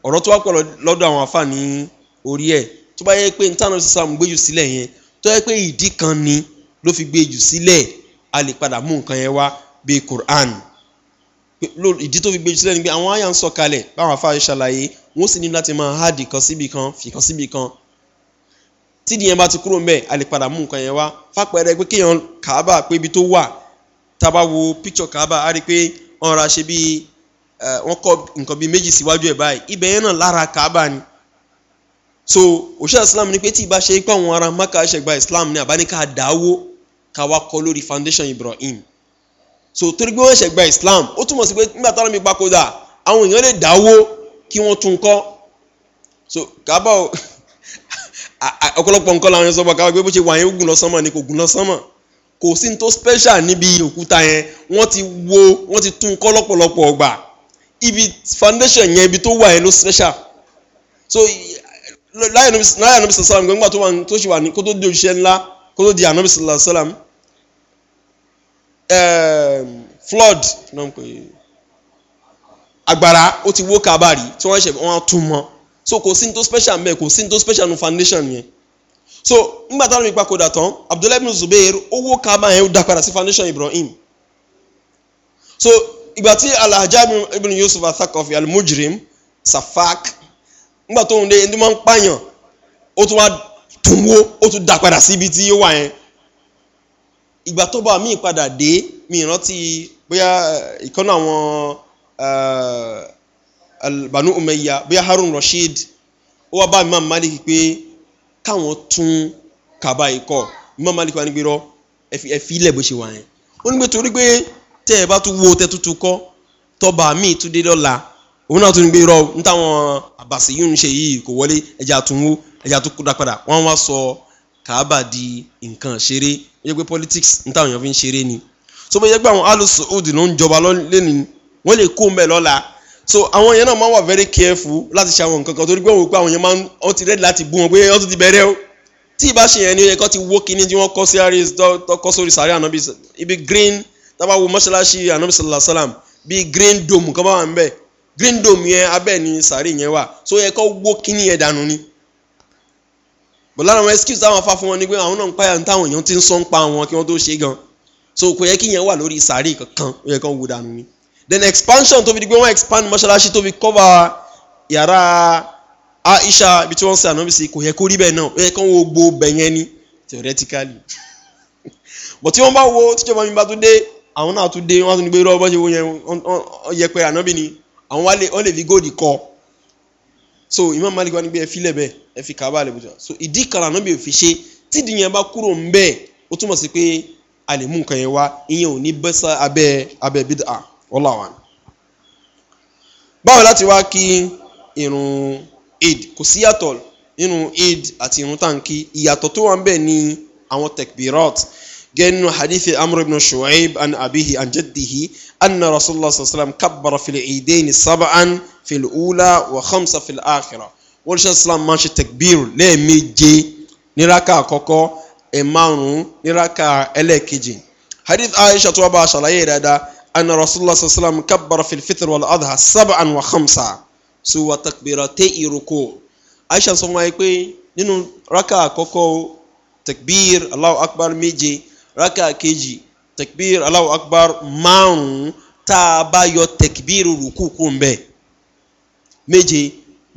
ọ̀rọ̀ tó wá pọ̀ lọ́dọ̀ àwọn afa ní orí ẹ̀ tó bá yẹ pé nítaànà sàsálà gbé jù sílẹ̀ yẹn tó yẹ pé ìdí kan ni ló fi gbé jù sílẹ̀ a lè padà mú nǹkan yẹn wá bíi quran ìdí tó fi gbé jù sílẹ̀ ni pé àwọn àyà ń sọ kalẹ̀ báwọn afa ṣàlàyé wọ́n sì ní láti máa háàdì kan síbi kan fìkan síbi kan tídìí yẹn bá ti kúrò ń bẹ̀ a lè padà mú nǹkan yẹn wá fápẹ́rẹ́ pé kéèyàn kàábà pé ibi tó wà Taba wo picture kaaba a rí i pé wọ́n ra ṣe bíi wọ́n kọ́ nǹkan bíi méjì síwájú ẹ̀ báyìí ibẹ̀ yẹn náà lára kaaba ni so òṣèlú islam ni pé tí ìbá ṣe pé àwọn ará maka ṣẹgbà islam ni àbáníká dáwó ká wá kọ lórí foundation ibrahim so torí pé wọ́n ṣẹgbà islam ó túmọ̀ sí pé nígbà táwọn mi pakòdà àwọn èèyàn lè dáwó kí wọ́n tún kọ́ so kábọ̀ ọ̀pọ̀lọpọ̀ nǹkan làwọn yẹn sọ bọ̀ káwọn gbé bó ṣe wà yẹn ó gùn lọ sánmọ̀ ni kò gùn lọ sánmọ̀ kò sí tó special níbi òkúta yẹn wọ́n ti wo wọ́n ti tún kọ́ lọ́pọ̀lọpọ̀ ọgbà ibi foundation yẹn ibi tó wà yẹn ló special so láyé anabi sàlám gbẹ́ngbà tó wà tó ṣe wà ní kó tó di òṣìṣẹ́ ńlá kó di anabi sàlám flood agbára ó ti wó kábàárì tí wọ́n ṣe wọ́n tún mọ́ so kò sí tó special mbẹ́ kò sí tó special nu foundation yẹn so ńgbà táwọn mi papòdà tán abdullahi bin zubair owó kaaba yẹn dá padà sí foundation ibrahim so ìgbà tí alhaja ibn yusuf athakofi almujrim safak ńgbà tó ń dé ẹni tó máa ń pààyàn ó tún wá tún wó ó tún dá padà sí ibi tí ó wà yẹn ìgbà tó bá mi padà dé mi rántí bóyá eh, ìkànnì àwọn eh, banu umeya bóyá harun rasheed ó wá bá mi máa malik pé káwọn tún kaba yìí kọ Imam Malik wá ní pé rọ ẹfi ilẹ̀ bó ṣe wà yẹn ó ní pé torí pé tẹ́ ẹ bá tún wo tẹ́ tuntun kọ́ tọba míì tún dé lọ́la òun náà tún ní rọ ní táwọn àbàṣe yìí ń ṣe yìí kò wọlé ẹja tún wó ẹja tún kúdà padà wọ́n wá sọ kaba di nǹkan ṣeré ó yẹ pé politics ní táwọn èèyàn fi ń ṣeré ni tó bá yẹ pé àwọn alùsùn òdì ló ń jọba lẹ́nu wọ́n lè kó ń bẹ̀ so àwọn yẹn náà máa wà very careful láti ṣe àwọn nǹkan kan torí pé òun pé àwọn yẹn máa ń ọ́n ti rẹ́dì láti bú wọn pé ọ́n tún ti bẹ̀rẹ̀ o tí ìbá ṣe yẹn ni ó yẹ kó ti wó kinní tí wọ́n kọ́ sí àárẹ̀ tó kọ́ sórí sàárẹ̀ ànábì ibi green tábà wo mọ́ṣáláṣí ànábì sàlá sàlám bíi green dome kan bá wà ń bẹ̀ green dome yẹn abẹ́ ni sàárẹ̀ yẹn wà so ó yẹ kó wó kinní yẹn dànù ni bọ̀dá àwọn excuse táwọn afá fún wọn ni pé àwọn náà ń páyà táwọn èèyàn ti ń sọ́ ń pa wọn kí wọ́n tó ṣe gan so kò yẹ kí yẹn wà lórí sàárè kankan ó yẹ kó wó dànù ni then expansion tó fi di pé wọ́n expand mọ́ṣáláṣí tó fi cover yàrá aisha ibi tí wọ́n ń sè ànábì sí kò yẹ kó rí bẹ́ẹ̀ náà ó yẹ kó wọ́n gbó bẹ̀yẹn ní theoretically but tí wọ́n bá wo tíjọba mi bá tún dé àwọn náà tún dé wọ́n tún ní pé irú ọgbọ́n ṣe wo yẹn yẹpẹ ànábì ni àwọn wá lè wọ́n lè fi góòdì kọ́ so imam malik wa ni pé ẹ fi lẹ̀ bẹ́ẹ̀ ẹ fi kaba lẹ̀ bùtà so ìdí kan ànábì ò fi ṣe tídìí yẹn bá kúrò ń bẹ́ẹ̀ ó túmọ̀ sí pé a lè mú nǹkan yẹn wá ìyẹn ò ní bẹ́sà abẹ́ abẹ́ bídà wallahu a'lam. báwo láti wá kí irun eid kò sí yàtọ̀ nínú eid àti irun tàǹkì ìyàtọ̀ tó wà ń bẹ ní àwọn tekbirat gẹ́nu hadithi amr ibn shu'aib an abihi an jaddihi anna rasulullah sallallahu alayhi wa sallam kabbara fil eidaini sab'an fil ula wa khamsa fil akhira wọ́n ṣe islam máa ń ṣe tekbir lẹ́ẹ̀méje níraka àkọ́kọ́ ẹ̀ márùn-ún níraka ẹlẹ́ẹ̀kejì hadith aisha tó wà bá a ṣàlàyé dáadáa أن رسول الله صلى الله عليه وسلم كبر في الفطر والأضحى سبعا وخمسة سوى تكبيرتي ركوع aisha sọ wọn pé nínú raka àkọ́kọ́ takbir aláwọ̀ akbar méje raka kejì takbir aláwọ̀ akbar márùn-ún tá a bá yọ takbir rukú kù ń bẹ̀ méje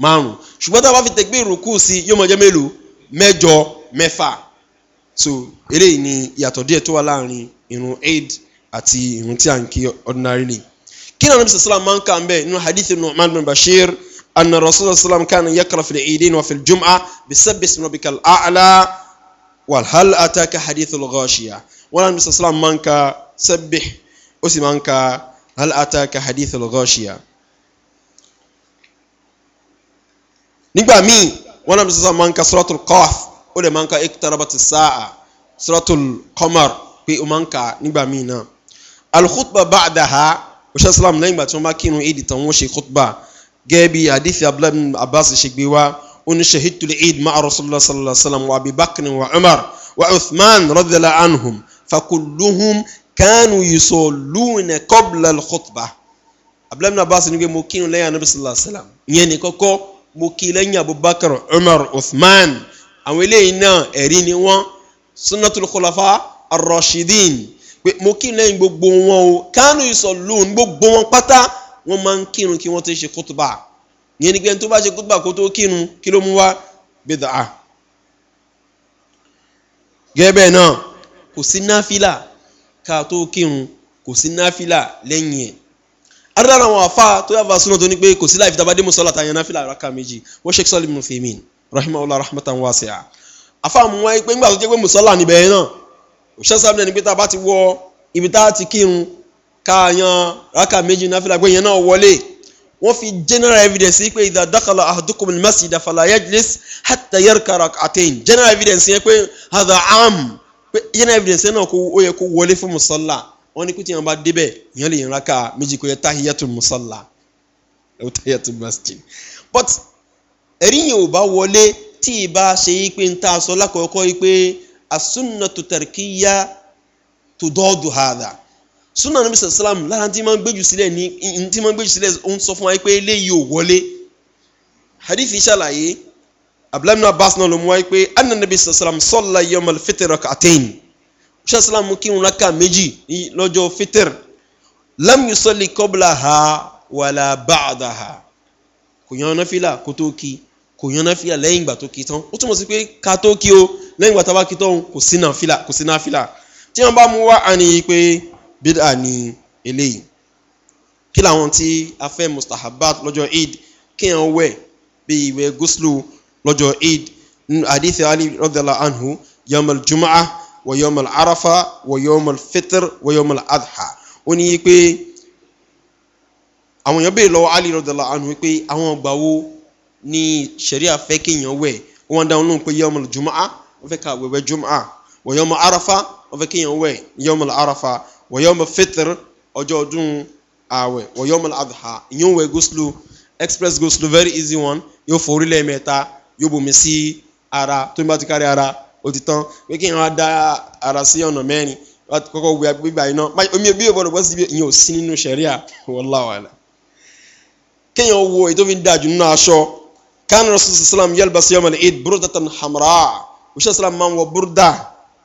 márùn-ún ṣùgbọ́n tá a bá fi takbir rukú sí yóò mọ̀ jẹ́ mélòó mẹ́jọ mẹ́fà so eléyìí ni ìyàtọ̀ díẹ̀ tó wà láàrin irun eid àti ìrun tí a ń kí ordinarily kí ni anabi sallam máa ń kà ń bẹ́ẹ̀ nínú hadith nu'man bin bashir anna rasulillah sallam kan yakara fil eidin wa fil jum'a bisabbis rabbikal a'la wal hal ataka hadith al-ghashiya wọn anabi sallam máa ń ka sabbih ó sì máa ń ka hal ataka hadith al-ghashiya. nígbà míì wọn anabi sallam máa ń ka suratul qaf ó lè máa ń ka iqtarabat saa suratul qamar pé ó máa ń ka nígbà míì náà alkhutba ba'daha òṣìṣẹ́ islam lẹ́yìn ìgbà tí wọ́n bá kírun eid tán wọ́n ṣe khutba gẹ́gẹ́ bí hadith abdullahi bin abbas ṣe gbé wá ó ní ṣahidtu eid ma'a rasulillah sallallahu alaihi wa sallam wa abibakar wa umar wa uthman radiyallahu anhum fakulluhum kanu yusalluna qabla alkhutba abdullahi bin abbas ní pé mo kírun lẹ́yìn anabi sallallahu alaihi wa sallam ìyẹn ní kọ́kọ́ mo kí lẹ́yìn abubakar umar uthman àwọn eléyìí náà ẹ̀rí ni wọ́n sunnatul khulafa ar pé mo kí lẹ́yìn gbogbo wọn o kánú ìsọ̀lùn gbogbo wọn pátá wọ́n máa ń kírun kí wọ́n tó ṣe kótóbà ìyẹn ni pé ẹni tó bá ṣe kótóbà kó tó kírun kí ló mú wá bẹ́ẹ̀ dáa. gẹ́gẹ́ náà kò sí náfìlà ká tó kírun kò sí náfìlà lẹ́yìn ẹ̀ adára àwọn àfa tó yàgbà súná tó ní pé kò sí láì fi tàbá dé mùsọ́lá tàyàn náfìlà raka méjì wọ́n ṣe sọ́ọ́lì mùfẹ́mìn rahimahullah rahmatan wasi'a àfa àmúwáyé pé ńgbà tó jẹ́ pé mùsọ́lá níbẹ̀ náà òṣìṣẹ́ sábẹ́ ni pé tá a bá ti wọ ibi tá a ti kírun ká a yan rákà méjì pé yẹn náà wọlé wọ́n fi general evidence pé ìdá dákàlà àdúkùnmí mẹ́sì ìdàfàlà yẹ́dìlẹ́s hàtà yẹ́rìkàrà àtẹ̀yìn general evidence yẹn pé àdà am pé general evidence yẹn náà ó yẹ kó wọlé fún musalla wọ́n ní kútìyàn bá débẹ̀ yẹn lè yan méjì kó yẹ táhìyàtù musalla táhìyàtù masjid but ẹ̀rí yẹn ò bá wọlé tí ì bá ṣe yí pé ń ta aṣọ lákọ̀ọ́kọ́ yí pé as-sunnatu tarkiyya tudadu hadha sunna nabi sallam lára tí máa ń gbéjù sílẹ̀ ní tí máa ń gbéjù sílẹ̀ ń sọ fún wa pé eléyìí ò wọlé hadith ṣàlàyé abdulhamid abbas náà ló mú wa pé anna nabi sallam salla yawmal fitr rak'atayn ṣàṣàlám kírun raka méjì lọ́jọ́ fitr lam yusalli qablaha wala ba'daha kò yan náfìlà kó tó kí kò yan náfìlà lẹ́yìn ìgbà tó kí tán ó túmọ̀ sí pé ká tó kí o lẹ́yìn ìgbà tábà kítọ́ kò sí náfìlà kò sí náfìlà tí wọ́n bá mú wá àníyí pé bídà ni eléyìí kí làwọn tí a fẹ́ mustahabat lọ́jọ́ eid kí wọ́n wẹ̀ bí ìwẹ̀ gúúsùlù lọ́jọ́ eid àdìsí ali rọ́dàlá anhu yọmọl jumaa wọ yọmọl arafa wọ yọmọl fitr wọ yọmọl adha ó ní pé àwọn èèyàn béèrè lọ́wọ́ ali rọ́dàlá anhu pé àwọn ọgbà wo ni sẹ̀ríà fẹ́ kéèyàn wẹ̀ wọ́n dáhùn lóhùn pé yọmọl jumaa wọ́n fẹ́ jum'a wa yawm arafa wọ́n fẹ́ kéèyàn wẹ̀ yawm arafa wa yawm fitr ọjọ́ ọdún ààwẹ̀ wa yawm adha ìyẹn wẹ̀ goslo express goslo very easy one yóò forí lẹ́ẹ̀mẹ́ta yóò bomi sí ara tó ń ti kárí ara ó ti tán pé kéèyàn wá dá ara sí ọ̀nà mẹ́rin kọ́kọ́ wẹ̀ gbígbà iná omi ò bí yóò bọ̀dọ̀ bọ́ síbi ìyẹn ò sí nínú sẹ̀ríà wallahu a'lam kéèyàn wo èyí tó fi ń dájú nínú aṣọ kánú rasulullah sallam yalbas yawm al-eid burdatan hamra òṣìṣẹ́ sọ́la máa wọ búrúdà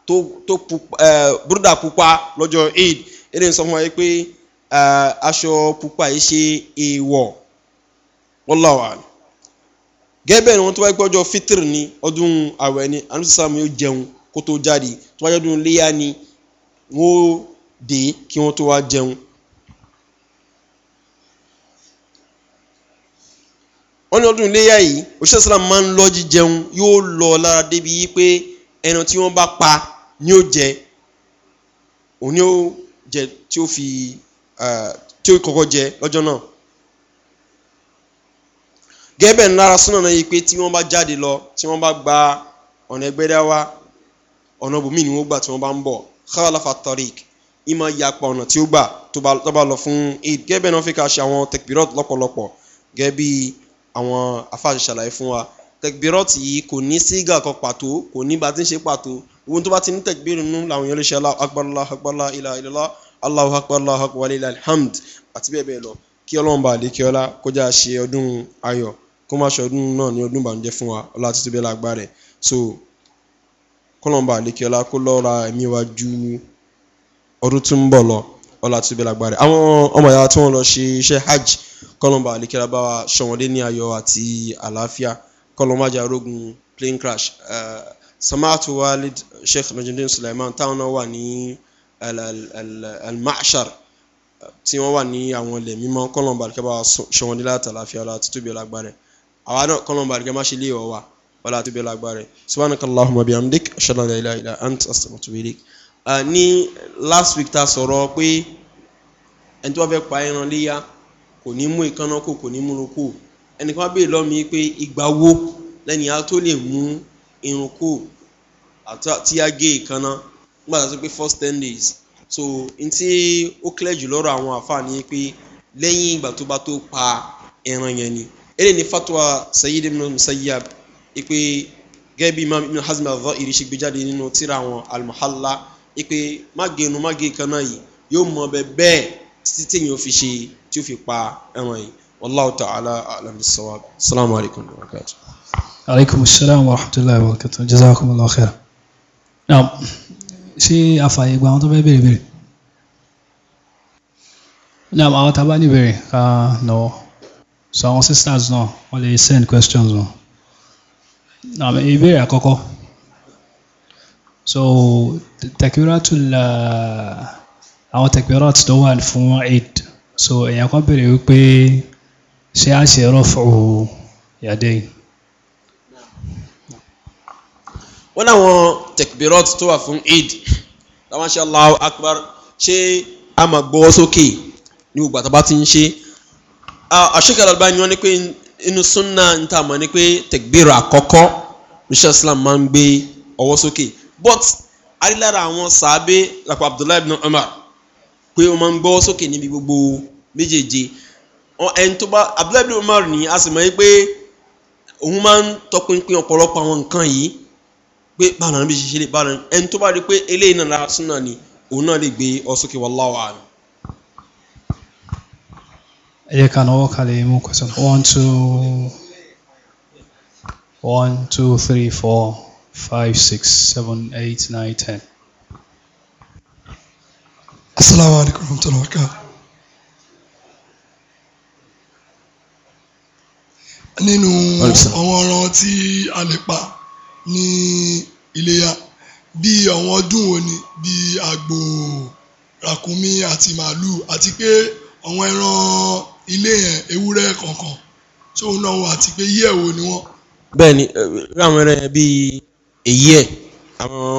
tó búrúdà pupa lọ́jọ́ eid eléyìí sọ fún wa pé aṣọ pupa yìí ṣe èèwọ̀ wọ́n là wà. gẹ́gẹ́ ni wọ́n tó wáyé pé ọjọ́ fitr ni ọdún àwẹ̀ ni àánú sísá mi yóò jẹun kó tó jáde tó wáyé ọdún léyà ni wọ́n dé kí wọ́n tó wá jẹun wọ́n ní ọdún iléyà yìí òṣìṣẹ́ sọ́la máa ń lọ jíjẹun yóò lọ lára débi yìí pé ẹran tí wọ́n bá pa ni ó jẹ òun ni ó jẹ tí ó fi tí ó kọ́kọ́ jẹ lọ́jọ́ náà gẹ́bẹ̀ ńlára súnà náà yìí pé tí wọ́n bá jáde lọ tí wọ́n bá gba ọ̀nà ẹgbẹ́dá wá ọ̀nà bòmí ni wọ́n gbà tí wọ́n bá ń bọ̀ khalafa tariq ìmọ̀ ìyapa ọ̀nà tí ó gbà tó bá lọ fún eid gẹ́bẹ̀ náà fi ká ṣe àwọn tekbirot lọ́pọ̀lọpọ̀ gẹ́bí àwọn afáàṣẹ ṣàlàyé fún wa tẹkbírọ́ọ̀tì yìí kò ní sígà kan pàtó kò ní bá ti ń ṣe pàtó ohun tó bá ti ní tẹkbírù nínú làwọn yẹn lè ṣe aláhu akbar aláhu akbar aláhu ilà ilà aláhu akbar aláhu akbar hamd alhamd àti bẹ́ẹ̀ bẹ́ẹ̀ lọ kí ọlọ́run bá lè kí ọlá kọjá ṣe ọdún ayọ̀ kó má ṣe ọdún náà ní ọdún ìbànújẹ́ fún wa ọlá títí bẹ́ẹ̀ lágbára so kọlọ́run bá lè kí ọlá kó lọ́ra ẹ̀mí wa ju ọdún tó ń bọ̀ lọ ọlá títí bẹ́ẹ̀ lágbára àwọn ọmọ ìyá tí wọ́n lọ ṣe iṣẹ́ hajj kọlọmba àlekèrè bá wa ṣọwọlé ní ayọ àti àlàáfíà kọlọmba jà plane crash uh, samaatu walid sheikh najidin suleiman táwọn náà wà ní almashar tí wọn wà ní àwọn ilẹ̀ mímọ́ kọlọmba àlekèrè bá wa ṣọwọlé láti àlàáfíà ọlá àti tóbi ọlágbá rẹ àwa náà kọlọmba àlekèrè má ṣe lé ìwọ wa ọlá àti tóbi ọlágbá rẹ subhanakallahumma bihamdik ṣalala ilaha illa ant astaghfiruka eh, ní last week ta sọ̀rọ̀ pé ẹni tí wọ́n fẹ́ pa ẹran léyà kò ní mú ìkànnà kò kò ní múrun kò ẹnìkan wá béèrè lọ́mi pé ìgbà wo lẹ́ni a tó lè mú irun kò tí a ìkànnà nígbà tó pé first ten days so n tí ó clear jù lọ́rọ̀ àwọn àfààní pé lẹ́yìn ìgbà tó bá tó pa ẹran yẹn ni eléyìí ni fatwa sayid ibn musayyab ipe gẹ́gẹ́ bí imam ibn hazmi adọ́ ìrìṣì gbé jáde nínú tíra àwọn almuhalla ipe má gẹnu má gé ìkànnà yìí yóò mọ ọbẹ̀ bẹ́ẹ̀ títí téèyàn fi ṣe tí ó fi pa ẹran yìí wallahu ta'ala alam bissawab assalamu alaikum wa rahmatullahi. aleykum salaam wa rahmatullahi wa barakatuh jazakumullahu khairan. ṣé àfààyè gba àwọn tó fẹ́ béèrè béèrè. Now, àwọn tá a bá ní ká náwó. So àwọn sisters náà wọ́n lè send questions wọn. Now, ìbéèrè àkọ́kọ́. So tẹ̀kírátù la uh, àwọn tẹ̀kírátù tó wà fún so èèyàn kan béèrè wípé ṣé a ṣe rọ́fọ̀ yàdé yìí. wọ́n láwọn tekbirot tó wà fún eid láwọn ṣe allahu akbar ṣé a máa gbọ́wọ́ sókè ní gbogbo àtàbá ti ń ṣe àṣekẹ̀rẹ̀ àgbà ni wọ́n ní pé inú súnà ń tà mọ́ ni pé tekbir àkọ́kọ́ bishop islam máa ń gbé ọwọ́ sókè but a rí lára àwọn sàábé lápá abdullahi ibn Omar. pé wọ́n máa ń gbọ́ sókè níbi gbogbo méjèèje ẹni tó bá abdullahi umar ni a sì mọ̀ pé òun máa ń tọpinpin ọ̀pọ̀lọpọ̀ àwọn nǹkan yìí pé bí ṣe ṣe lè ẹni tó bá rí pé eléyìí náà lára súnà ni òun náà lè gbé ọ sókè wọ́n láwà ẹ jẹ́ ká mú one two one two three four five six seven eight nine ten. assalamu alaikum wa rahmatulah wa barakatuh. nínú àwọn ọ̀ràn tí a lè pa ní iléyà bí àwọn ọdún wo ni bí àgbò ràkúnmí àti màálù àti pé àwọn ẹran ilé yẹn ewúrẹ́ kọ̀ọ̀kan tó ń náwó àti pé yíyẹ wo ni wọ́n. bẹ́ẹ̀ni ráwọn ẹran yẹn bíi èyí ẹ àwọn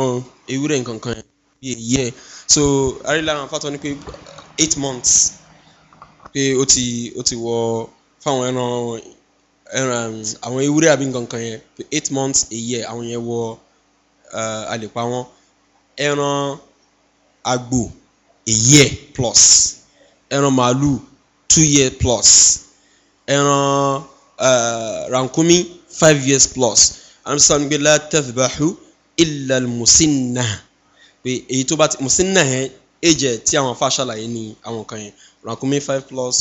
ewúrẹ́ nǹkan yẹn bí a year so arilara fatọ ni pé eight months pé ó ti ó ti wọ fáwọn ẹran ẹran àwọn ewúrẹ́ àbí nǹkan yẹn eight months a year àwọn yẹn wọ àlèpà eh, wọn ẹran àgbò a year plus ẹran màálù two year plus ẹran uh, eh, rankumi five years plus amsan gbẹlá tẹfibáhu ilal musinna pé èyí tó bá ti mùsínà yẹn èjẹ tí àwọn afa ṣàlàyé ní àwọn kan yẹn rakumi five plus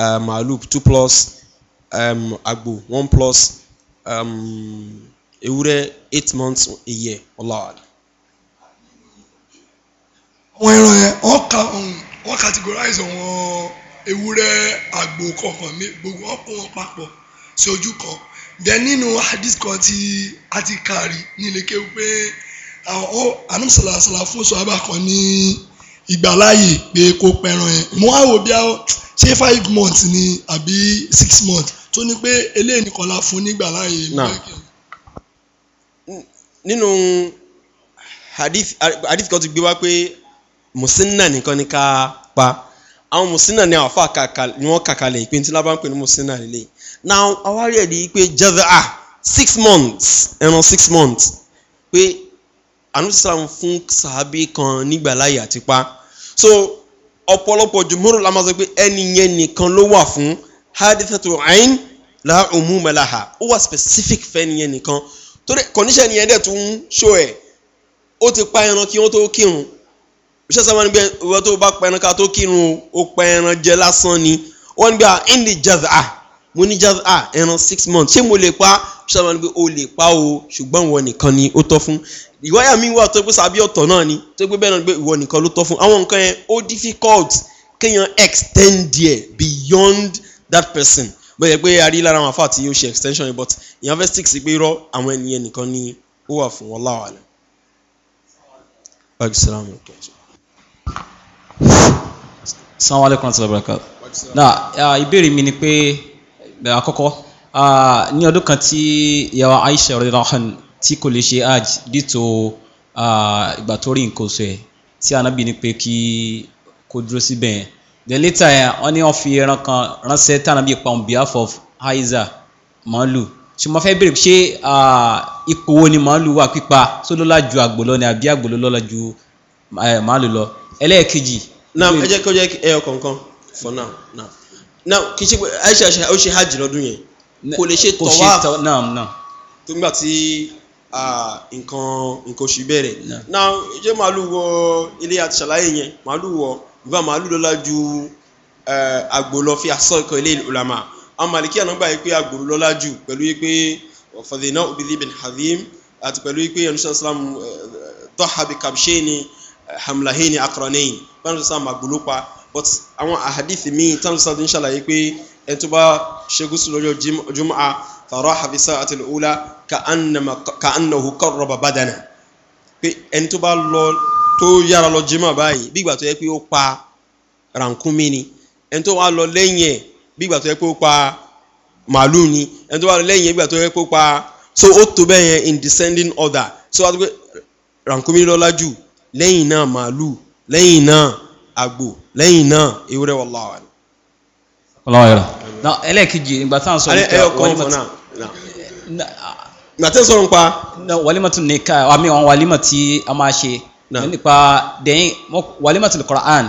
uh, two plus um, agbo one plus um, ewúrẹ́ eight months a year ọláwàlá. àwọn ẹran yẹn wọ́n ka um, wọ́n categorize wọn ewúrẹ́ agbo kọ̀ọ̀kan gbogbo ọkùn wọn papọ̀ sí ojú kan then nínú hadith kan tí a ti kàrí nílé kéwú pé anamsalasalafo sọ abakọ ní ìgbàláyè pé kó pẹran yẹn mo á wò bí a ṣe five months ni àbí six months tó ní pé eléyìí nìkan la fún nígbàláyè. nínú hadith hadith kan ti gbé wá pé musinna nìkan ni ká pa àwọn musinna ni àwọn afa ni wọn kàkà lè pé ntí lábàá ń pè ní musinna lélẹ now àwa rí ẹ̀ di pé jẹ́dọ̀ ah six months ẹran six months pé anusam fún sàábì kan nígbàláyè àti pa so ọ̀pọ̀lọpọ̀ jùmọ́rò la máa sọ pé ẹni yẹn nìkan ló wà fún hadithatu ain la umu malaha ó wà specific fẹ́ni yẹn nìkan torí condition yẹn dẹ̀ tún ṣó ẹ̀ ó ti pa ẹran kí wọ́n tó kírun iṣẹ́ sábà nígbà ìwọ́n tó bá pa ẹran ká tó kírun ó pa ẹran jẹ lásán ni wọ́n nígbà ah, indi jazah mo ní jáde ah ẹran six months ṣé mo lè pa ṣọlá ni pé o lè pa o ṣùgbọ́n ìwọ nìkan ni ó tọ́ fún ìwáyà mi wà tó pé sàbí ọ̀tọ̀ náà ni tó pé bẹ́ẹ̀ náà ni pé ìwọ nìkan ló tọ́ fún àwọn nǹkan yẹn ó difficult kéèyàn extend there beyond that person bẹ́ẹ̀ pé a rí lára àwọn àfáà tí yóò ṣe extension yẹn but ìyẹn fẹ́ stick sí pé irọ́ àwọn ènìyàn nìkan ni ó wà fún wọn láwàá lẹ. sanwó-alẹ́ kan ti lọ bẹ̀rẹ̀ kan. na ìbéèrè mi ni pé àkọ́kọ́ ní ọdún kan tí yàrá Aisha rirahan tí kò lè ṣe hajj dìtò ìgbà tó rí nǹkan oṣù ẹ̀ tí anabi ní pé kí kó dúró síbẹ̀ yẹn then later yẹn wọ́n ní wọ́n fi ẹran kan ránṣẹ́ tí anabi pa on behalf of haiza màálù ṣùgbọ́n fẹ́ bèrè ṣé ipò wo ni màálù wà pípa tó lọ́la ju àgbò lọ ni àbí àgbò ló lọ́la ju màálù lọ ẹlẹ́ẹ̀kejì. náà ẹ jẹ́ kí ó jẹ́ ẹyọ kọ̀ọ̀kan for now now now kì í ṣe pé aisha ṣe ó ṣe hajj lọ́dún yẹn kò lè ṣe tọ́wá naam naam tó gbà tí nǹkan nǹkan oṣù bẹ̀rẹ̀ now ṣé màálù wọ ilé àti ṣàlàyé yẹn màálù wọ ìgbà màálù lọ́la ju àgbò lọ fi àṣọ ìkọ ilé ìlúlamà àwọn màlìkí àná gbà yìí pé àgbò lọ́la jù pẹ̀lú yìí pé fadhina obìnrin bin hadim àti pẹ̀lú yìí pé yanusa islam tọ́ha bi kabsheni hamlaheni akranayin báyìí sọ àgbò ló pa but àwọn ahadith míì tán ló sáà ń ṣàlàyé pé ẹni tó bá ṣegúsù lọ́jọ́ jum'a fàrọ̀ àfisà àti lòúlà ka annahu qarraba badana pé ẹni tó bá lọ tó yára lọ jimá báyìí bí ìgbà tó yẹ pé ó pa rànkúnmí ni ẹni tó wá lọ lẹ́yìn ẹ̀ bí ìgbà tó yẹ pé ó pa màálù ni ẹni lọ lẹ́yìn ẹ̀ tó yẹ pé ó pa so ó tó bẹ́ẹ̀ yẹn in descending order so wá tó pé rànkúnmí lọ́lá jù náà màálù lẹ́yìn náà àgbò lẹ́yìn náà ewúrẹ́ wallahu a'lam. ọlọ́wọ́yọ̀rọ̀ náà ẹlẹ́ẹ̀kejì nígbà tá à ń sọ nípa nígbà tá à ń sọ nípa. wàlímọ̀tún nìka àmì àwọn wàlímọ̀ tí a máa ṣe nípa dẹ́yìn wàlímọ̀tún Qur'an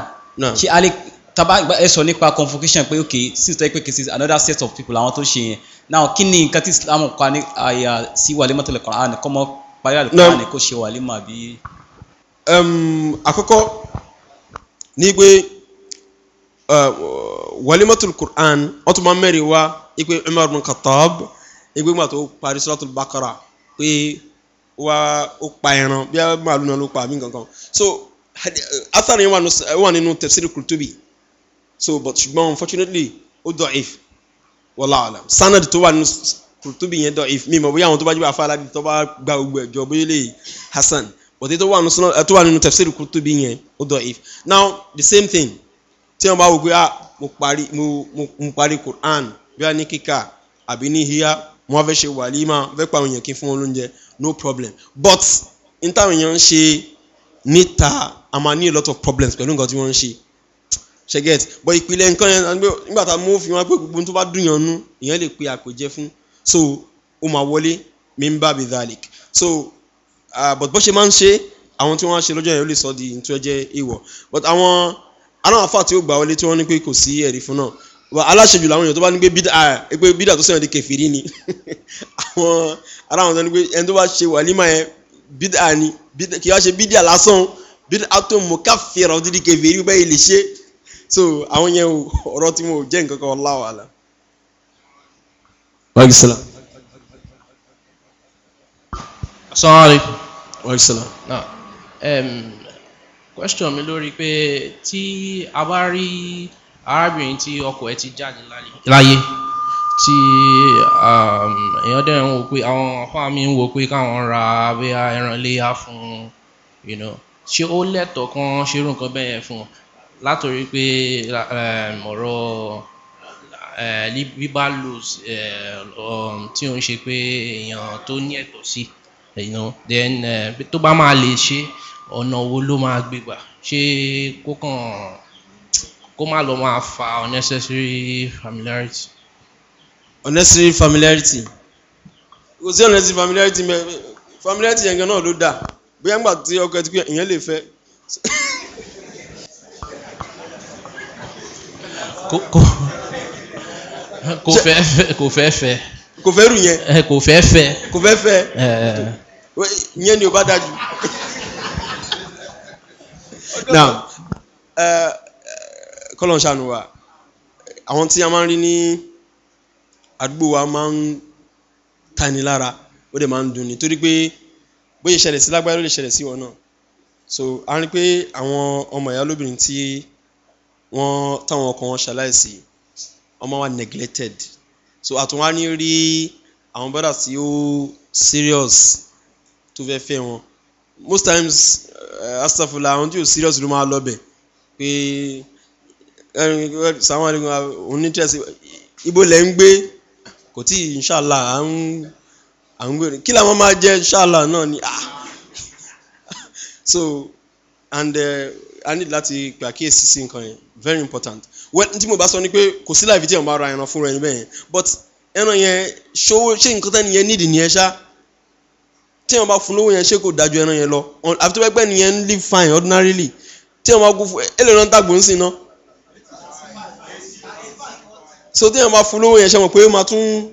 ṣé a lè taba ẹ sọ nípa convocation pé ok since tẹ́ pé kì í sí another set of people àwọn tó ṣe yẹn now kí ni nǹkan tí Islam kọ́ ní àyà sí wàlímọ̀tún Qur'an kọ́mọ parí àlùkò àná kó ṣe wàlímọ̀ àbí. àkọ́kọ́ ní pé walimatul Qur'an wọ́n tún máa mẹ́rin wá ipe Umar bin Khattab ipe gbà tó parí suratul Baqara pé wá ó pa ẹran bí màálù náà ló pa àbí nǹkan so athari wà nínú tafsir Qurtubi so but ṣùgbọ́n unfortunately ó da'if wallahu a'lam sanad tó wà nínú Qurtubi yẹn da'if mímọ̀ bóyá àwọn tó bá jẹ́ àfa tó bá gba gbogbo ẹ̀jọ̀ bóyá lè Hasan but ètò wà nínú sunan ètò wà nínú tafsir Qurtubi yẹn ó dọ̀ if now the same thing tí wọn bá wò pé ah, mo parí mo mo parí Quran bí wọn ní kíkà àbí ní híyá mo wá fẹ́ ṣe wàlímà fẹ́ pa àwọn èèyàn kí fún wọn lóúnjẹ no problem but n táwọn èèyàn ń ṣe níta a máa ní a lot of problems pẹ̀lú nǹkan tí wọ́n ń ṣe ṣe get but ìpìlẹ̀ nǹkan yẹn nígbà tá a mú òfin wọn pé gbogbo tó bá dùn yàn nú èèyàn lè pe àpèjẹ fún so ó máa wọlé mi ń bá bi dhalik so Ah, but bó ṣe máa ń ṣe àwọn tí wọ́n á ṣe lọ́jọ́ yẹn ó lè sọ di ní tó jẹ́ èèwọ̀ but àwọn aláwọ̀ fà tí ó gbà wọlé tí wọ́n ní pé kò sí ẹ̀rí fún náà wa aláṣejù làwọn èèyàn tó bá ní pé bídà ah, tó sẹ́yìn di kẹfìrí ni àwọn aláwọ̀ tó ní pé ẹni tó bá ṣe wàlímà yẹn bídà ni kì í wá ṣe bídà lásán bídà tó mú káfíìrà ó ti di kẹfìrí bẹ́ẹ̀ lè ṣe so àwọn yẹn ọ̀rọ̀ tí mo jẹ́ nǹkan kan láwàlá. wàá gbèsè láà. Sorry. Wa salam. um, question mi lórí pé tí a bá rí arábìnrin tí ọkọ ẹ̀ ti jáde láyé tí um, èèyàn dẹ̀ ń wo pé àwọn afá mi ń wo pé káwọn ra bóyá ẹran léyà fún you know ṣé ó lẹ́tọ̀ọ́ kan ṣerú nǹkan bẹ́ẹ̀ yẹn fún Um. látòrí pé um, ọ̀rọ̀ eh, bíbá lò eh, um, tí ó ń ṣe pé èèyàn tó ní ẹ̀tọ́ Si you know then eh, tó bá máa lè ṣe ọ̀nà wo ló máa gbé gbà ṣé kó kàn kó má lọ máa fa unnecessary familiarity. unnecessary familiarity kò sí unnecessary familiarity mẹ familiarity yẹn gan náà ló dáa bóyá ńgbà tí ọkọ ẹ ti pé ìyẹn lè fẹ́. kò fẹ́ kò fẹ́ fẹ́ kò fẹ́ rù yẹn. ẹ eh, kò fẹ́ fẹ́. kò fẹ́ fẹ́. Eh, eh, yẹn ni o bá dájú. now kọ́lọ̀ ń ṣàánú wa àwọn tí a máa ń rí ní àdúgbò wa máa ń tani lára ó dẹ̀ máa ń dunni torí pé bóyá ìṣẹ̀lẹ̀ sí lágbára ló lè ṣẹlẹ̀ sí wọn náà so a rí pé àwọn ọmọ ìyá lóbìnrin tí wọ́n táwọn ọkọ wọn ṣaláìsí ọmọ wa neglected so àtúnwá ní rí àwọn brothers tí ó serious tó fẹ́ fẹ́ wọn most times uh, eh, astafula àwọn tí ò serious ló máa lọ́bẹ̀ pé eh, sàwọn àdìgún ah, òun ní tẹ́sí ibo lẹ́ ń gbé kò tí inṣàlá à ń à ń gbèrè kí làwọn máa jẹ inṣàlá náà ni ah so and uh, eh, i need láti pàkíyèsí sí nǹkan yẹn very important well tí mo bá sọ ni pé kò sí láìfi tí èèyàn bá ra ẹran fún rẹ níbẹ̀ yẹn but ẹran yẹn ṣòwò ṣé nǹkan tẹ́ni yẹn nídìí nìyẹn ṣá tí èèyàn bá fún lówó yẹn ṣé kò dájú ẹran yẹn lọ àfi tó bá pẹ́ nìyẹn ń live fine ordinarily tí èèyàn bá kú fún ẹ lè rán tàgbò ń sìn ná so tí èèyàn bá fún lówó yẹn ṣe mọ̀ pé ó máa tún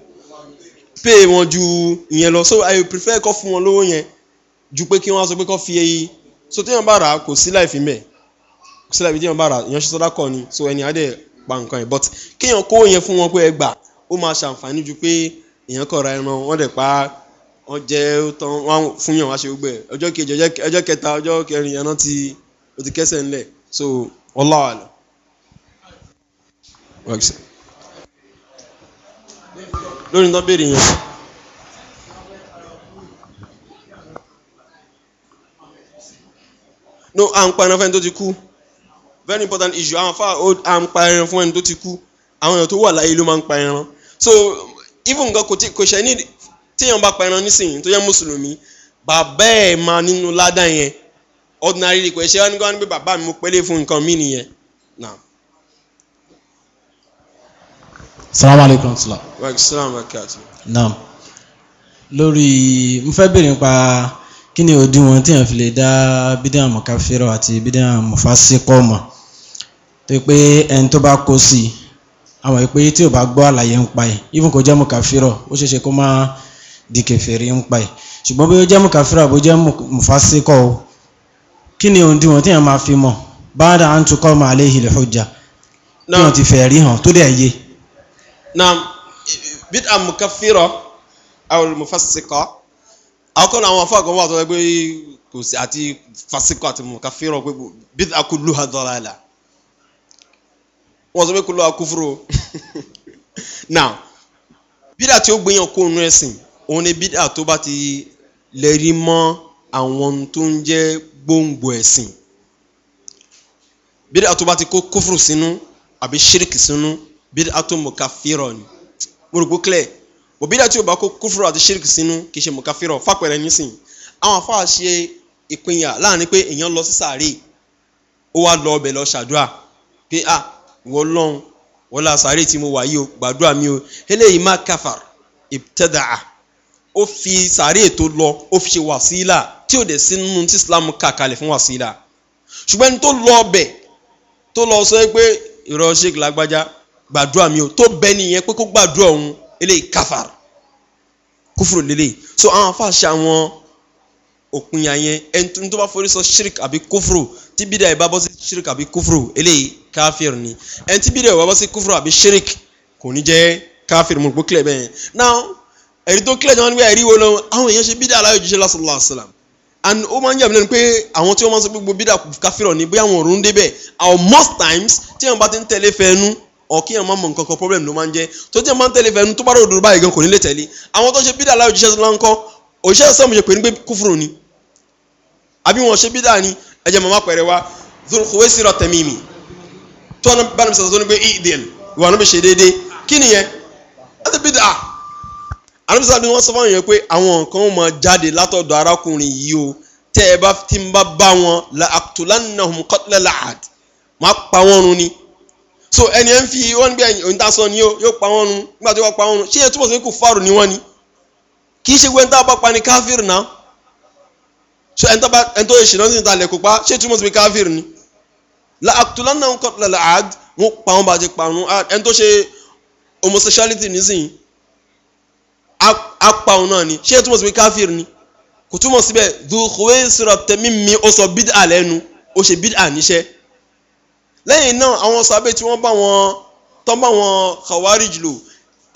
pay wọn ju ìyẹn lọ so i prefer kọ́ fún wọn lówó yẹn ju pé kí wọ́n á sọ pé kọ́ fi èyí so tí èèyàn bá rà á kò sí láìfi mẹ́ẹ̀ sí làbí díẹ̀ bára èèyàn ṣe sọ́dá kọ́ ni so ẹni adé pa nǹkan ẹ̀ but kéèyàn kó yẹn fún wọn pé ẹ gbà ó máa ṣàǹfààní ju pé èèyàn kọ̀ ra ẹran wọ́n dẹ̀ pa wọ́n tán wọ́n fún yàn wá ṣe gbẹ ọjọ́ kejì ọjọ́ kẹta ọjọ́ kẹrin ẹran ti o ti kẹsẹ̀ ńlẹ̀ so ọláwàlà. lórí nǹkan béèrè yẹn. no à ń pa ẹran fẹ́ni tó ti kú very important issue àwọn afa à ń pa ẹran fún ẹni tó ti kú àwọn èèyàn tó wà láyé ló máa ń pa ẹran so even nǹkan kò ṣe ní téèyàn bá pa ẹran nísìnyí tó yẹ mùsùlùmí bàbá ẹ̀ máa nínú ládà yẹn ordinary rẹ̀ kò ṣe wá ní kí wọ́n ní pé bàbá mi mo pẹ́lẹ́ fún nǹkan mí nìyẹn náà. salaam aleykum salaam. wa salaam wa rahmatulahi. naam lórí mo fẹ́ bèrè nípa kí ni òdiwọ̀n téèyàn fi lè dá bídàn mọ̀káfírọ̀ àti bídàn mọ̀fásíkọ̀ mọ̀ tó yẹ pé ẹni tó bá kó sí i àwọn yìí pé tí ò bá gbọ́ àlàyé ń pa ẹ̀ even kò jẹ́ mùkàfírọ̀ ó ṣeé ṣe kó má di kèfèrí ń pa ẹ̀ ṣùgbọ́n bí ó jẹ́ mùkàfírọ̀ àbó jẹ́ mùfásíkọ̀ o kí ni ohun tí wọ́n ti yàn máa fi mọ̀ báadà à ń tukọ̀ máa lé ìhìlẹ̀ ọjà tí wọ́n ti fẹ̀ rí hàn tó dẹ̀ yé. na bit a mùkàfírọ̀ àwọn mùfásíkọ̀ àkọ́kọ́ àwọn afọ àgọ́wọ́ àtọ́wẹ́ pé kò sí wọ́n sọ pé kó lọ akúfúrò now bídà tí ó gbéyàn kó nu ẹ̀sìn òun ni bídà tó bá ti lẹ́rí mọ́ àwọn tó ń jẹ́ gbòǹgbò ẹ̀sìn bídà tó bá ti kó kúfúrò sínú àbí ṣírìkì sínú bídà tó mọ̀ká fírọ̀ ni mo rò pé clear bò bídà tí ó bá kó kúfúrò àti ṣírìkì sínú kì í ṣe mọ̀ká fírọ̀ fàpẹ̀rẹ̀ nísìn àwọn afáà ṣe ìpínyà láàrin pé èèyàn lọ sí sàárè ó wá lọ ọbẹ̀ lọ ṣàdúrà pé ah wọ́n lọ́n wọ́n la sáré tí mo wà yìí o gbàdúrà mi o eléyìí má káfàr ìtẹ́dàá ó fi sáré tó lọ ó fi ṣe wàsílà tí ò dẹ̀ sí nínú tí islam kà kalẹ̀ fún wàsílà ṣùgbọ́n ẹni tó lọ ọbẹ̀ tó lọ sọ pé ìrọ̀ sheik lágbájá gbàdúrà mi o tó bẹ nìyẹn pé kó gbàdúrà òun eléyìí káfàr kúfùrù lélẹ̀ so àwọn afa ṣe àwọn òpin yẹn ẹni tó bá forí sọ shirik àbí kúfùrù tí bídà ìbá bọ́ sí shirik àbí kúfùrù eléyìí káfíìr ni ẹni tí bídẹ̀ wá bá sí kúfúrú àbí ṣíríkì kò ní jẹ́ káfíìr mo rò pé kílẹ̀ bẹ́ẹ̀ yẹn now ẹ̀rí tó kílẹ̀ jẹ́ wọn nígbà ẹ̀rí wo lọ àwọn èèyàn ṣe bídẹ̀ aláyọ̀ jíṣẹ́ lásìlá and ó máa ń yàgbé lẹ́nu pé àwọn tí wọ́n máa ń sọ gbogbo bídà káfíìrọ̀ ni most times tí àwọn bá ti ń tẹ̀lé fẹ́ẹ́nu ọ̀kí àwọn máa mọ nǹkan kan problem ló máa ń jẹ́ tó tí àwọn máa ń tẹ̀lé fẹ́ẹ́nu tó bá ròdò báyìí gan kò ní lè tẹ̀lé àwọn tó ṣe bídà aláwọ̀ jíṣẹ́ ló ń kọ́ òṣìṣẹ́ ní pé kúfùrù ni àbí wọn ṣe bídà ni tó wọn bá nàbẹsẹ tó ní pé ìdìl ìwà nàbẹ ṣe déédéé kí nìyẹn láti bí dà ànàbẹsẹ àbí wọn sọ fún àwọn yẹn pé àwọn nǹkan wọn máa jáde látọ̀dọ̀ o tẹ ẹ bá ti ń bá wọn la àtúlánàhùn kọtìlẹ́lá àd máa pa wọn run ni so ẹni ẹ ń fi wọn gbé ẹyìn òyìnbá sọ ni yóò pa wọn run nígbà tí wọn pa wọn run ṣé ẹ túbọ̀ sí kò fárò ni wọn ni kì í ṣe pé ẹni pa ni káfíìrì náà so ẹni tó ṣe náà ní ìtàlẹ̀ kópa ṣé túbọ̀ sí káfíìrì ni la àtúlánà ń kọ́ lọ́la àd wọ́n pa wọ́n bá ti parun ẹni tó ṣe homosexuality nísìnyí apá òun náà ni ṣé ẹ túmọ̀ sí pé káfíìrì ni kò túmọ̀ síbẹ̀ dùkúwé sọ̀rọ̀ tẹ̀mí mi ó sọ bídà lẹ́nu ó ṣe bídà níṣẹ́ lẹ́yìn náà àwọn sábẹ́ tí wọ́n bá wọn tán bá wọn kàwárì jùlọ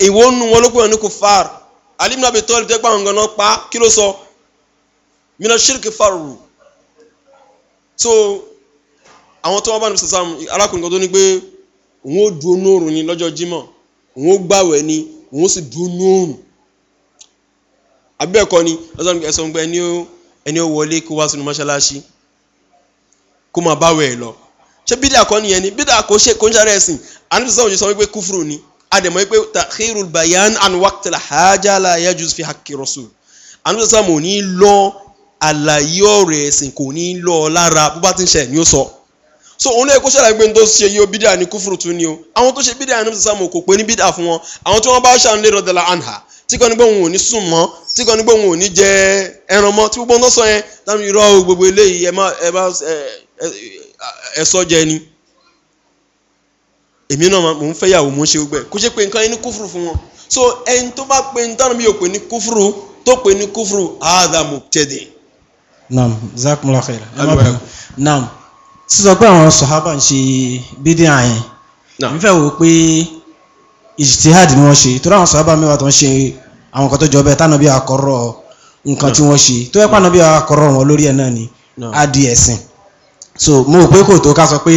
èwo nu wọn ló pè wọn ní kò far alimna bi tọ́lù tẹ́gbà wọn gan-an pa kí ló sọ mina shirk faru so àwọn tó wá bá ní sàsàm arákùnrin kan tó ní pé òun ó dúró nóòrùn ni lọ́jọ́ jímọ̀ òun ó gbàwẹ̀ ni òun ó sì dúró nóòrùn abẹ́ẹ̀kọ́ ni ẹ̀sán gbẹ ẹni ó wọlé kó wá sínú mọ́ṣáláṣí kó máa báwẹ̀ ẹ̀ lọ ṣé bídà kọ́ nìyẹn ni bídà kò ṣe kò ń ṣàrẹ̀ ẹ̀sìn àníbi sọ́wọ́n ti sọ wípé kúfúrú ni àdèmọ́ wípé tahiru bayan and waqtala hajjala yajus fi hakki rasul àníbi sọ́wọ́n ò ní lọ àlàyé ọ̀rọ̀ ẹ̀sìn kò ní lọ lára bó bá ti ń ṣe ni ó sọ. So so òun náà kó ṣàlàyé pé n tó ṣe yí o bídà ní kúfùrù tún ni o àwọn tó ṣe bídà ní sàmù kò pé ní bídà fún wọn àwọn tí wọn bá ṣàǹlẹ rọdàlà àǹhà tí kan ní pé òun ò ní sùn mọ́ tí kan ní òun ò ní jẹ ẹran mọ́ tí gbogbo ń sọ yẹn táwọn irọ́ gbogbo eléyìí ẹ má ẹ bá ẹ sọ jẹ ni èmi náà mò ń fẹ́ yàwó mò ń ṣe gbẹ kó ṣe pé nǹkan ẹni kúfùrù fún wọn so ẹni tó bá pe ní tánà mi ò pè ní kúfùrù tó pè ní kúfùrù áàdà mò sísọ pé àwọn sọ̀hábà ń ṣe bídí àyìn ìfẹ́ wò pé ìjìtìhad ni wọ́n ṣe torí àwọn sọ̀hábà mẹ́wàá tó ń ṣe àwọn nǹkan tó jọ bẹ́ẹ̀ tánà bí nǹkan tí wọ́n ṣe tó yẹ pàánà bí akọ̀rọ̀ wọn lórí ẹ̀ náà ni á ẹ̀sìn so mo rò pé kò tó ká sọ pé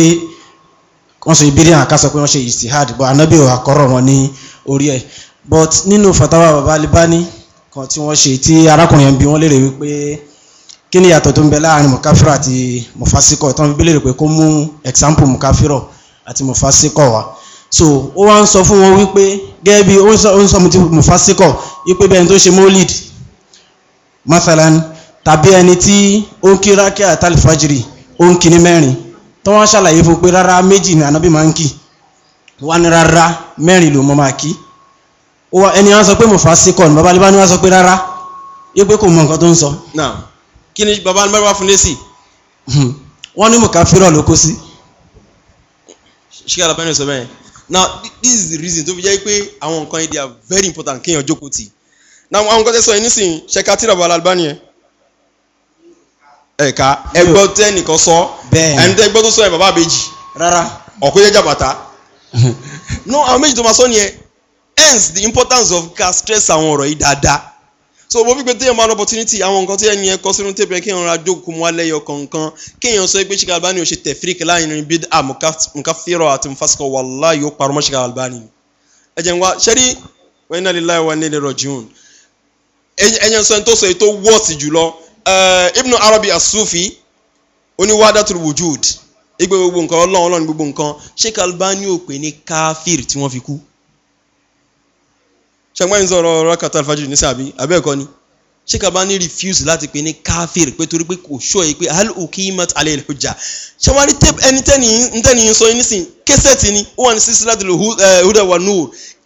wọ́n ṣe bídí àyìn ká sọ pé wọ́n ṣe ìjìtìhad but ànábì akọ̀rọ̀ wọn ní orí ẹ̀ but nínú fatawa bàbá Albani kan tí wọ́n ṣe tí arákùnrin yẹn bí wọ́n lérè wípé kí ni yàtọ̀ tó ń bẹ láàrin mọ̀káfírọ̀ àti mọ̀fásíkọ̀ tó ń bí lèrè pé kó mú example mọ̀káfírọ̀ àti mọ̀fásíkọ̀ wá so ó wá ń sọ fún wọn wípé gẹ́gẹ́ bí ó ń sọ mọ̀fásíkọ̀ wípé bẹ́ẹ̀ tó ṣe mólid mathalan tàbí ẹni tí ó ń kí rákẹ́ àtàlìfàjìrì ó ń kí ní mẹ́rin tó wọ́n ṣàlàyé fún pé rárá méjì ni ànábì máa ń kí wọ́n ní rárá mẹ́rin ló mọ́ máa kí ẹni wọ́n sọ pé mọ̀fásíkọ̀ ní babalẹ́bá ni wọ́n sọ pé rárá wípé kò mọ nǹkan tó ń sọ kí ni bàbá mẹ́rin wá fún lé sí hmm. wọ́n ní mùkàfírọ̀ ló kó sí ṣíkà lábẹ́ni sọ bẹ́ẹ̀ now this is the reason tó fi jẹ́ pé àwọn nǹkan yìí they are very important kéèyàn jókòó tì now àwọn nǹkan tẹ́ sọ yìí nísìnyí ṣẹ̀ka tíra bàbá Albani yẹn ẹ̀ka ẹgbọ́ tẹ́nìkan sọ ẹni tẹ́ gbọ́ tó sọ yẹn bàbá àbèjì rárá ọ̀kọ́ jẹ́ jàbàtà hmm. no àwọn méjì tó máa sọ nìyẹn hence the importance of ká stress àwọn ọ̀rọ̀ yìí dáadáa so mo fi pé téèyàn bá ní opportunity àwọn nǹkan tí ẹni yẹn kọ sínú tèpè kéèyàn ra jókòó kó mu wá lẹ́yọ kọ̀ọ̀kan kéèyàn sọ pé ṣìkà albani ò ṣe tẹ̀fíríkì láàrin bid a mukafiro àti mufasikọ wàllá yóò parọ́ mọ́ ṣìkà albani ẹ jẹ́ n wá ṣẹ́rí wọ́n iná lílá ìwà nílẹ̀ rọ̀jùn ẹ̀yẹn sọ tó sọ ètò wọ́ọ̀sì jùlọ eh, ibnu arabi asufi oníwádà tó wùjúd igbe gbogbo nǹkan ọlọ́run ọlọ́run gbogbo nǹkan ṣìkà albani ò pè ní káfíìr tí wọ́n fi kú ṣẹgbẹ́ ń sọ̀rọ̀ rákàtà alfajiri ní sàbí abẹ́ẹ̀kọ́ ni ṣé kaba ní refuse láti pè ní káfíìrì pé torí pé kò ṣọ́ ẹ pé hal ukimat alẹ́ ìlújà ṣé wọ́n rí tape ẹni tẹ́ni ń sọ yín nísìn kẹsẹ̀tì ni ó wà ní sísí láti lò húdà wà nù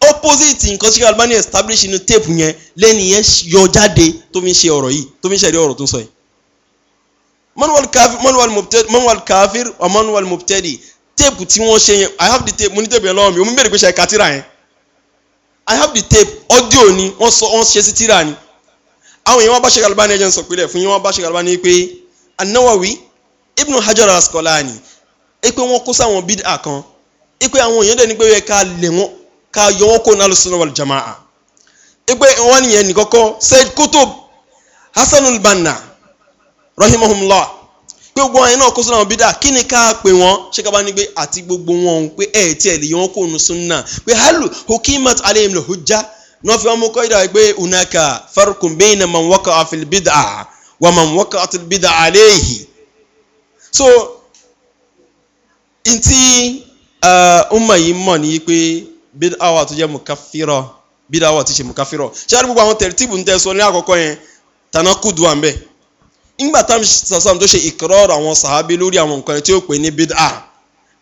opposite nǹkan ṣe albani establish inú tape yẹn lẹ́ni yẹn yọ jáde tó fi ń ṣe ọ̀rọ̀ yìí tó fi ń ṣe ọ̀rọ̀ tó ń sọ yìí. manual kafir manual mubtadi manual kafir or manual mubtadi tape tí wọ́n ṣe yẹn i have the tape mo ní tape yẹn lọ́wọ́ mi òun bèrè pé ṣe kátìrà yẹn i have the tape audio ni wọ́n sọ wọ́n ṣe sí tíra ni àwọn èèyàn wọn bá ṣe kalaba ní ẹjẹ ń sọ pé rẹ fún yín wọn bá ṣe kalaba ní pé anáwáwí ibnu hajar al ni. pé wọ́n kó sáwọn bídà kan pé àwọn èèyàn dẹ̀ ní pé yẹ ká lè wọn ká yọ wọn kó nálò sínú wàlú jamaa pé wọ́n nìyẹn nìkọ́kọ́ said kutub hasanul banna rahimahumlah pé gbogbo àwọn yẹn náà kó sọ́nà bídà kí ni ká pè wọ́n ṣé ká bá ní pé àti gbogbo wọn òun pé ẹ̀ tí ẹ̀ lè yẹn kó nu sunna pé halu hukimat alayhim ló hujja náà fi wọn mú kọ́ ìdá pé unaka farukun bẹ́ẹ̀nà man wọ́kà àfil bídà wà man wọ́kà àfil bídà alayhi so ntí ọmọ yìí mọ̀ ní pé bídà wà tó jẹ́ mukafirọ̀ bídà wà tó ṣe mukafirọ̀ ṣé àdúgbò àwọn tẹ̀rẹ̀tìbù ń tẹ̀ sọ ní àkọ́kọ́ yẹn tànà kùdù à ń ńgbà tá sàṣàm tó ṣe ìkírọ́rọ̀ àwọn sàábí lórí àwọn nǹkan tí ó pè ní bid'a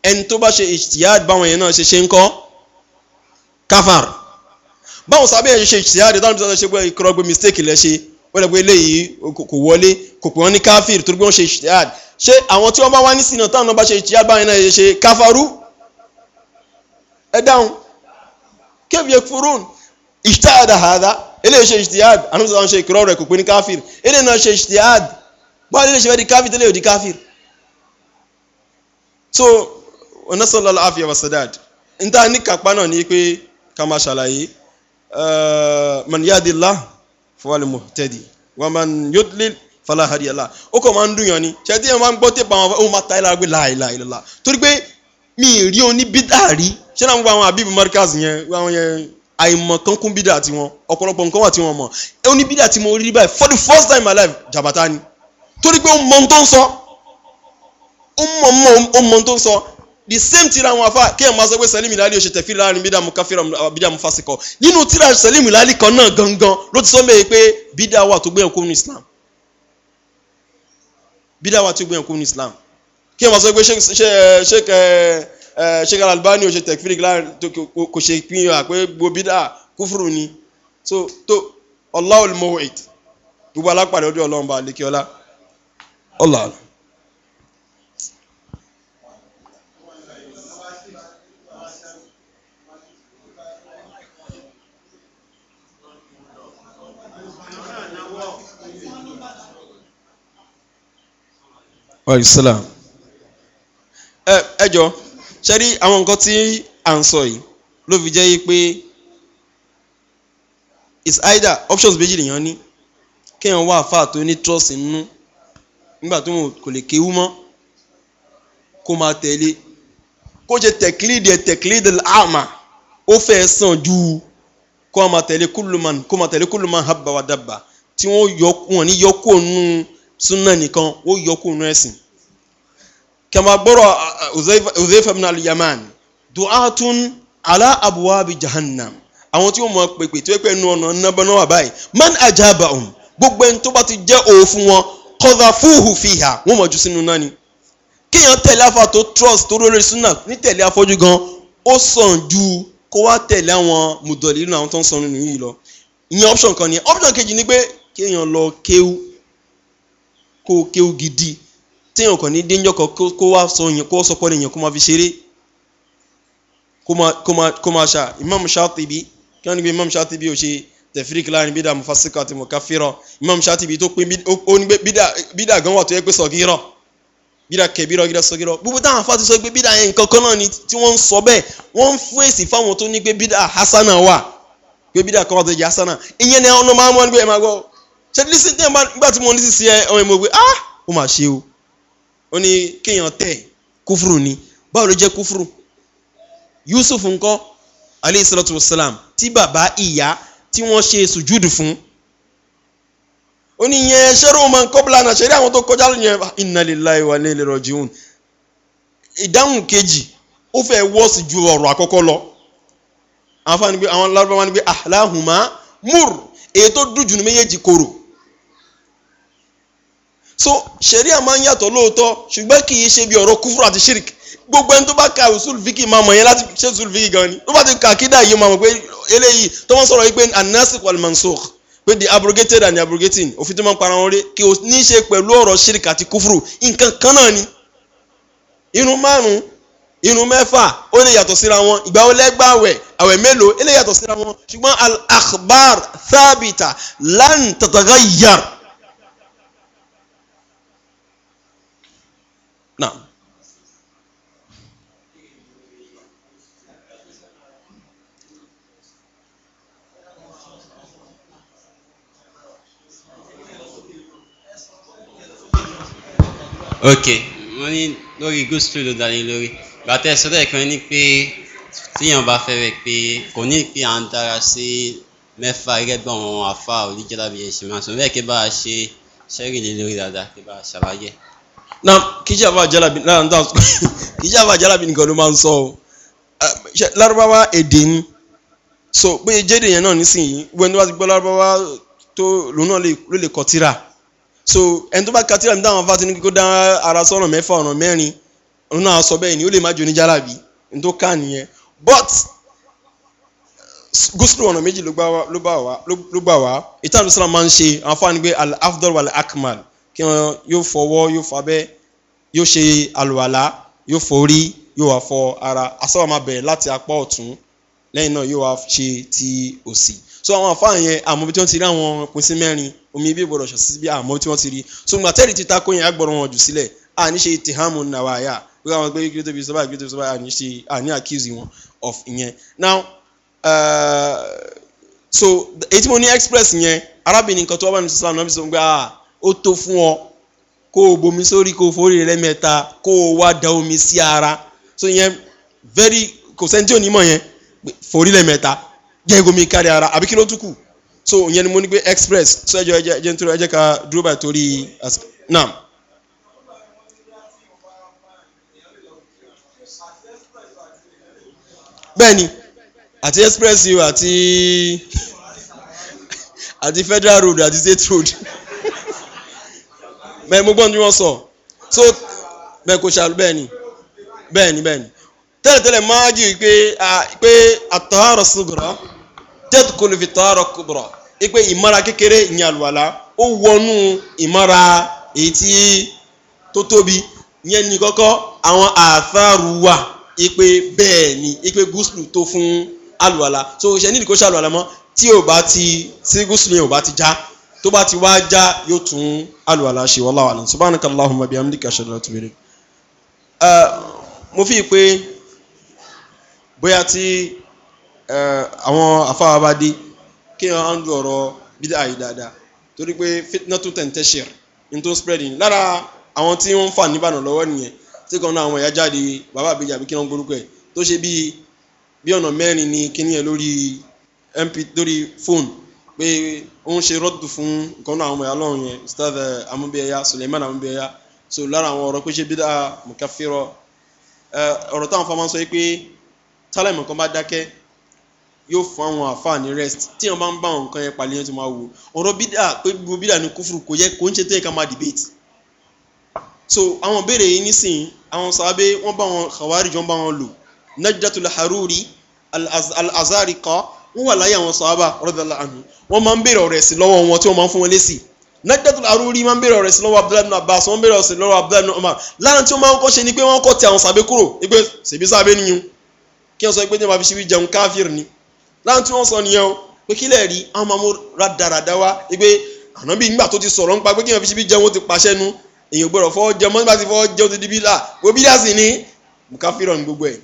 ẹni tó bá ṣe ìṣìyàd báwọn yẹn náà ṣe ṣe ń kọ́ káfàr báwọn sàábí yẹn ṣe ṣe ìṣìyàd táwọn bí sàṣàm ṣe pé ìkírọ́ gbé mistake lẹ ṣe wọ́n lè pé eléyìí kò wọlé kò pè wọ́n ní káfíìr torí pé wọ́n ṣe ìṣìyàd ṣé àwọn tí wọ́n bá wá ní sinà táwọn bá ṣe ìṣìyàd báwọn yẹn náà ṣe káfàrú ẹ dáhùn kébi ekfurun báwo lè ṣe fẹ́ di káfíìrì tẹ́lẹ̀ ò di so onasanlala afi wasadad nta ní kápá náà ní pé ká máa ṣàlàyé uh, maniyadila fọwọ́lẹ́mọ tẹ́dí wọn máa yọdílé falahadiyala ó kàn máa ń dùnyàn ni ṣe tí wọn máa ń gbọ́ tẹ́pọ̀ àwọn ọmọ ta ìlà gbé láìláìlá torí pé mi ì rí oní bídà rí ṣé náà gbogbo àwọn abib markaz yẹn àwọn yẹn àìmọ̀ kan kún bídà tiwọn ọ̀pọ̀lọpọ̀ nǹkan wà tí mọ̀ oní bídà tí mo rí báyìí for the first time in my life jàbátá ni torí pé ó mọ tó ń sọ ó mọ mọ tó ń sọ the same tira àwọn afa kéèyàn máa sọ pé sẹlẹmi lálẹ ò ṣe tẹfí láàrin ni mu káfíra bídà mu fásikọ nínú tira sẹlẹmi lálẹ kan náà gangan ló ti sọ mẹ́rin pé bídà wà tó gbẹ̀yàn kó ní islam bídà wà tó gbẹ̀yàn kó ní islam kéèyàn máa sọ pé sheik sheik eh, eh, alalbani ò ṣe tẹfí láàrin kò ṣe ìpínyà pé gbogbo bídà kúfùrù ni so tó ọlá olùmọ̀wé gbogbo alápàdé ọdún ọlọ́run bá lékè ọlá. Allah. Alaihissalam ẹ jọ ṣe rí àwọn nǹkan tí à ń sọ yìí ló fi jẹ́ yìí pé it's either options méjì nìyẹn ní kéèyàn wá àfáà tó ní trust nínú nígbà tó kò lè kéwú mọ́ kó máa tẹ̀lé kó ṣe tẹ̀klídìí tẹ̀klídìí àmà ó fẹ́ sàn ju kó máa tẹ̀lé kúlùmán kó máa tẹ̀lé kúlùmán habba wa dabba tí wọ́n yọ wọn ní yọkó nù súnà nìkan ó yọkó nù ẹ̀sìn. kama gbọ́rọ̀ uzaifa bin al-yaman du'atun ala abuwaabi jahannam àwọn tí wọ́n mọ̀ pèpè tí wọ́n pẹ̀ nu ọ̀nà nàbọ̀nà wà báyìí man ajaba um gbogbo ẹni tó bá ti jẹ́ òfin wọn kọdàfúhù fìhà wọn mọ̀ jù sínú náà ni kéèyàn tẹ̀lé afa tó trust tó lórí súnà ní tẹ̀lé afọ́jú gan ó sàn ju kó wá tẹ̀lé àwọn mùdọ̀lì nínú àwọn tó ń sọ nínú yìí lọ ìyẹn option kan nìyẹn option kejì ni pé kéèyàn lọ kéwú kó kéwú gidi téèyàn kàn ní déńjọ́ kan kó wá sọ yẹn kó sọ pọ́n èèyàn kó máa fi ṣeré kó máa ṣá imam ṣáàtì bí kí wọ́n ní pé imam ṣáàtì bí ò ṣe tẹ̀fíríkì láàrin bida mufasika àti mukafiro imam shatibi tó pín bídà gan wà tó yẹ pé sọ̀gírọ̀ bida kẹbírọ̀ bídà sọ̀gírọ̀ gbogbo táwọn afá ti sọ pé bídà yẹn nǹkan kan náà ni tí wọ́n ń sọ bẹ́ẹ̀ wọ́n ń fáwọn tó ní pé bídà hasana wà pé bídà kan wà tó yẹ hasana ìyẹn ni ọ̀nà máa ń mọ́ nígbà ẹ̀ máa ṣe lísìn nígbà tí mo lísìn sí ọmọ ìmọ̀ pé ah ó mà ṣe o ó ní kéèyàn tẹ̀ kúfùrù ni báwo ló jẹ́ kúfùrù Yusuf ńkọ́ aleyhi salatu wa salam tí bàbá ìyá tí wọ́n ṣe sùjúdù fún ó ní yẹn ṣẹ́rù ọmọ kọ́bùlà náà ṣẹ́rí àwọn tó kọjá ló yẹn inna lillahi wa inna ilaihi raji'un ìdáhùn kejì ó fẹ́ wọ́ọ̀sì ju ọ̀rọ̀ àkọ́kọ́ lọ àwọn lárúbáwá ni pé ahlahuma mur èyí tó dùn jù ní méjèèjì korò so ṣẹ̀rí àmọ́ ń yàtọ̀ lóòótọ́ ṣùgbọ́n kì í ṣe bí ọ̀rọ̀ kúfúrú àti ṣírìkì gbogbo ẹni tó bá ka usul fiki máa mọ̀ yẹn láti ṣe usul fiki gan ni tó bá ti ka kídà yìí máa mọ̀ pé eléyìí tó wọ́n sọ̀rọ̀ yìí pé anasik wal pé the abrogated and the abrogating òfin tó máa ń para wọn rí kí o ní í ṣe pẹ̀lú ọ̀rọ̀ ṣírík àti kúfùrù nǹkan kan náà ni irun márùn-ún mẹ́fà ó lè yàtọ̀ síra wọn ìgbà ó lẹ́gbàwẹ̀ àwẹ̀ mélòó ó lè yàtọ̀ síra wọn ṣùgbọ́n al-akhbar thabita lan tataghayyar. Naam. ok wọ́n ní lórí gúúsù ló dalẹ̀ lórí gbàtẹ́ sọ́dọ̀ kan ní pé tíyàn bá fẹ́ rẹ̀ pé kò ní pé à ń dára sí mẹ́fà gẹ́gẹ́ bí àwọn àfa oníjẹ́lábí ẹ̀sìn máa sọ bẹ́ẹ̀ kí bá a ṣe ṣẹ́rì lé lórí dáadáa kí bá a ṣàlàyé. na kìí ṣàfà jalabi náà ń dà kìí ṣàfà jalabi nìkan ló máa ń sọ o lárúbáwá èdè ni so pé jẹ́dẹ̀ yẹn náà nísìnyí wẹ́n tó bá ti gbọ́ lárúbáwá tó lòun náà ló lè kọ́ tíra so ẹni tó bá ka tíra mi dáhùn afá ti ní kó dá ara sọ̀rọ̀ mẹ́fà ọ̀rọ̀ mẹ́rin òun náà sọ bẹ́ẹ̀ ni ó lè má jò ní jálàbí ní tó ká nìyẹn but gúúsùlù ọ̀nà méjì ló gbà wá ìtàn àdúrà máa ń ṣe àwọn afáàní pé al-afdal wal-akmal kí wọn yóò fọwọ́ yóò fabẹ́ yóò ṣe àlùwàlá yóò forí yóò wá fọ ara asáwọ̀ máa bẹ̀rẹ̀ láti apá ọ̀tún lẹ́yìn náà yóò wá ṣe ti òsì so àwọn àfa yẹn àmọ́ bí wọ́n ti rí àwọn pin sí mẹ́rin omi ibi ìgbọ̀dọ̀ ṣọ̀sí bí àmọ́ tí wọ́n ti rí so ìgbà tẹ́lẹ̀ ti takò yẹn agbọ̀rọ̀ wọn jù sílẹ̀ àní ṣe tìhámù nàwáyà pé àwọn pé kí ló tóbi sọ́ba kí tóbi sọ́ba àní àní accuse wọn of ìyẹn now uh, so èyí mo ní express yẹn arábìnrin kan tó wà nínú sísá náà bí sọ pé ah ó tó fún ọ kó o bomi sórí kó o forí rẹ mẹ́ta kó o wá da omi sí ara so yẹn very kò sẹ́ni tí ò ní mọ̀ yẹn forí rẹ jẹ́ igomi kárí ara àbí kí ló tún kù so ìyẹn ni mo ní pé express so ẹjọ ẹjẹ ẹjẹ nítorí ẹjẹ ká dúró báyìí torí nam. bẹ́ẹ̀ni àti express yìí àti àti federal road àti state road bẹ́ẹ̀ mo gbọ́ ní wọ́n sọ so bẹ́ẹ̀ kò ṣàlù bẹ́ẹ̀ ni bẹ́ẹ̀ ni bẹ́ẹ̀ ni tẹ́lẹ̀tẹ́lẹ̀ máa jì pé pé àtọ́hárọ̀ tẹ́tù kò lè fi tọ́rọ kúbọ̀rọ̀ ipe ìmọ̀ra kékeré ìyẹn àlùwàlá ó wọnú ìmọ̀ra èyí tí tó tóbi ìyẹn ní kọ́kọ́ àwọn àfáàrù wà ipe bẹ́ẹ̀ ni ipe gúúsùlù tó fún àlùwàlá so ìṣẹ́ nídìí kó ṣàlùwàlá mọ́ tí ò bá ti sí gúúsùlù yẹn ò bá ti já tó bá ti wá já yóò tún àlùwàlá ṣe wallahu a'lam subhanaka allahumma bihamdika ashhadu an la ilaha illa anta àwọn afáwabadé kí wọ́n á ń lu ọ̀rọ̀ bídà yìí dáadáa torí pé fitnatu tẹ̀ntẹ́ṣẹ̀r ní spreading spread in lára àwọn tí wọ́n ń fà níbànú lọ́wọ́ nìyẹn tí kan náà àwọn ẹ̀yà jáde bàbá àbíjà àbí kí wọ́n gbórúkọ ẹ̀ tó ṣe bíi bí ọ̀nà mẹ́rin ni kíní ẹ̀ lórí mp lórí fóònù pé ó ń ṣe rọ́dù fún nǹkan náà àwọn ẹ̀yà lọ́rùn yẹn ustaz amúbíyẹyà suleiman amúbíyẹyà so lára àwọn ọ̀rọ̀ pé ṣe bídà mùkàfírọ̀ ọ̀rọ̀ táwọn fọmọ sọ yìí pé tálẹ̀ mọ̀kan bá dákẹ́ yóò fún àwọn àfààní rest tí wọn bá ń bá àwọn nǹkan yẹn palẹ̀ yẹn tó máa wò ọ̀rọ̀ bídà pé gbogbo bídà ni kúfùrù kò yẹ kó ń ṣe tó yẹ ká máa debate so àwọn béèrè yìí nísìnyí àwọn sàbẹ wọn bá wọn kàwárí jọ ń bá wọn lò najdatul haruri al-azari kan wọn wà láyé àwọn sàbà rọdàlá àná wọn máa ń béèrè ọ̀rẹ́ sí lọ́wọ́ wọn tí wọ́n máa ń fún wọn lésì najdatul haruri máa ń béèrè ọ̀rẹ́ sí lọ́wọ́ abdullahi abbas wọn béèrè ọ̀rẹ́ sí lọ́wọ́ abdullahi umar lára tí wọ́n máa ń kọ́ ṣe ni pé wọ́n kọ́ ti àwọn sàbẹ kúrò pé ṣèbí sàbẹ nìyẹn kí wọ́n sọ pé ní wọ́n fi ṣe wí jẹun káfíìrì ni láwọn tí wọ́n sọ nìyẹn o pé kí lè rí àwọn máa mú rádaràdá wá pé ànábì ńgbà tó ti sọ̀rọ̀ nípa pé kí wọ́n fi ṣe bí jẹun ti pàṣẹ nu èyàn gbọ́dọ̀ fọ́ jẹun mọ́ nígbà tí fọ́ jẹun ti di bí là wo bí dàsí ni káfíràn ní gbogbo ẹ̀.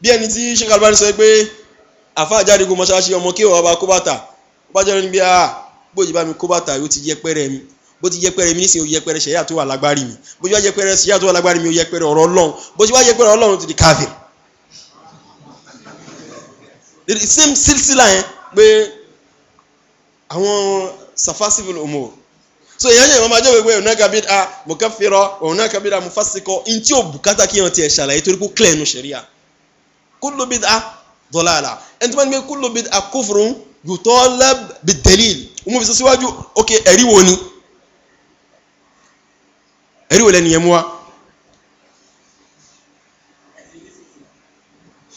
bí ẹni tí sheikh albani sọ pé àfa àjáde kò mọ́ṣáláṣí ọmọ kí wọ́n bá kó bàtà ó bá jẹ́rìí bí a ah, bóyá bá mi kó bàtà yóò ti yẹpẹrẹ mi bó ti yẹpẹrẹ mi nísìnyí ó yẹpẹrẹ ṣẹ̀yà tó wà lágbárí mi bó ti wá yẹpẹrẹ ṣẹ̀yà tó wà lágbárí mi ó yẹpẹrẹ ọ̀rọ̀ ọlọ́run bó ti wá yẹpẹrẹ ọlọ́run ti di káfíràn the same sílsílà yẹn pé àwọn safasivil omo so èèyàn yẹn wọn máa jẹ́ pé òun náà kabi a mọ̀káfẹ́rọ òun náà kabi a mọ̀fásíkọ ntí ò bùkátà kí yẹn tiẹ̀ ṣàlàyé torí kó clear nu sẹ̀ríà kúlò bí a dọ̀là àlà ẹni tó bá ní pé kúlò bí a kófurun yòtọ́ lẹ́ bi dẹ́líl òun fi sọ síwájú ok ẹ̀rí wo ni ẹ̀rí wo lẹ́nu yẹn mú wa.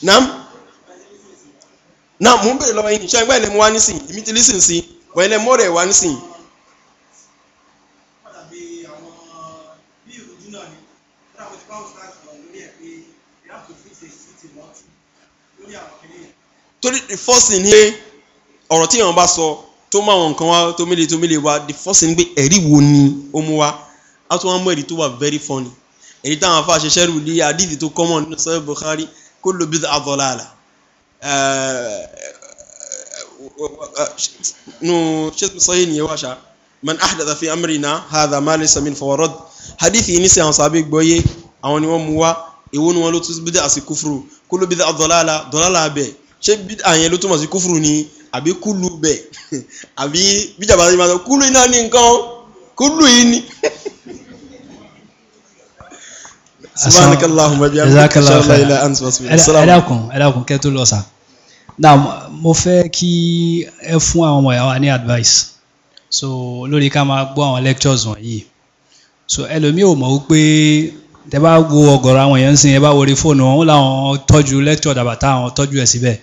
naam. Na mò ń bèrè lọ́wọ́ yín ṣé ẹgbẹ́ ilẹ̀ mu wá nísìnyí èmi ti lísìn sí wọ́n ilẹ̀ mọ́ọ̀rẹ̀ wá nísìnyí. torí the first thing ni ọ̀rọ̀ tí èèyàn bá sọ tó máa wọn nǹkan wá tó mílè tó mílè wá the first thing ni pé ẹ̀rí wo ni ó mú wá á tún wá mú ẹ̀rí tó wà very funny èyí táwọn afáàṣẹṣẹ́ rù ní àdìsí tó common nínú sọ́yìn buhari kó lóbi àdọ́là àlà nu sheikh sahin ye washa man ahdatha fi amrina hadha ma laysa min fawarad hadith yìí nisi àwọn sahabi gboye àwọn ni wọ́n mú wá èwo ni wọ́n ló tún bídà sí kúfùrù kúlù bídà dọ̀làlà dọ̀làlà bẹ̀ ṣé bídà yẹn ló túmọ̀ sí kúfùrù ni àbí kúlù bẹ̀ àbí bíjà bá ti máa sọ kúlù yìí náà ní subhanaka allahumma bi amdika shalla ila anta wasbihi assalamu alaikum alaikum kẹ́ tó lọ sá now mo fẹ́ kí ẹ fún àwọn ọmọ ìyàwó ní advice so lórí ká máa gbọ́ àwọn lectures wọ̀nyí so ẹlòmíì ò mọ̀ wípé tẹ bá wo ọ̀gọ̀rọ̀ àwọn èèyàn ń sìn ẹ bá wọlé fóònù wọn làwọn tọ́jú lecture dàbàtà àwọn tọ́jú ẹ̀ síbẹ̀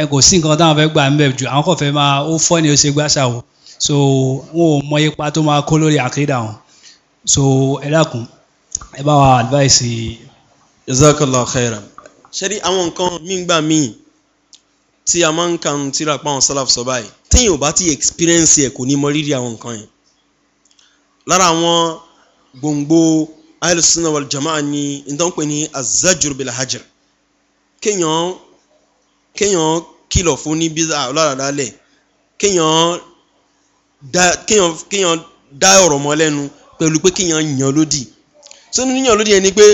ẹ kò sí nǹkan táwọn fẹ́ gbà ń jù àwọn kò máa ó fọ́ ni ó ṣe gbàṣà o so wọn ò mọ ipa tó máa kó lórí àkídà wọn so ẹ dákun ẹ bá wa advice. jazakallah khairam ṣẹ́rí àwọn nǹkan mígbà míì tí a máa ń kan tíra pa àwọn sálàf sọ báyìí téèyàn ò bá ti experience ẹ̀ kò ní mọ rírì àwọn nǹkan yẹn lára àwọn gbòǹgbò ahlus-sunnah wal jama'a ni nǹkan pè ní azajur bil hajr kéèyàn kéèyàn kìlọ̀ fún ní bíza ọlọ́dàdálẹ̀ kéèyàn kéèyàn dá ọ̀rọ̀ mọ́ lẹ́nu pẹ̀lú pé kéèyàn yàn lódì sínú níyàn lóde yẹn ni pé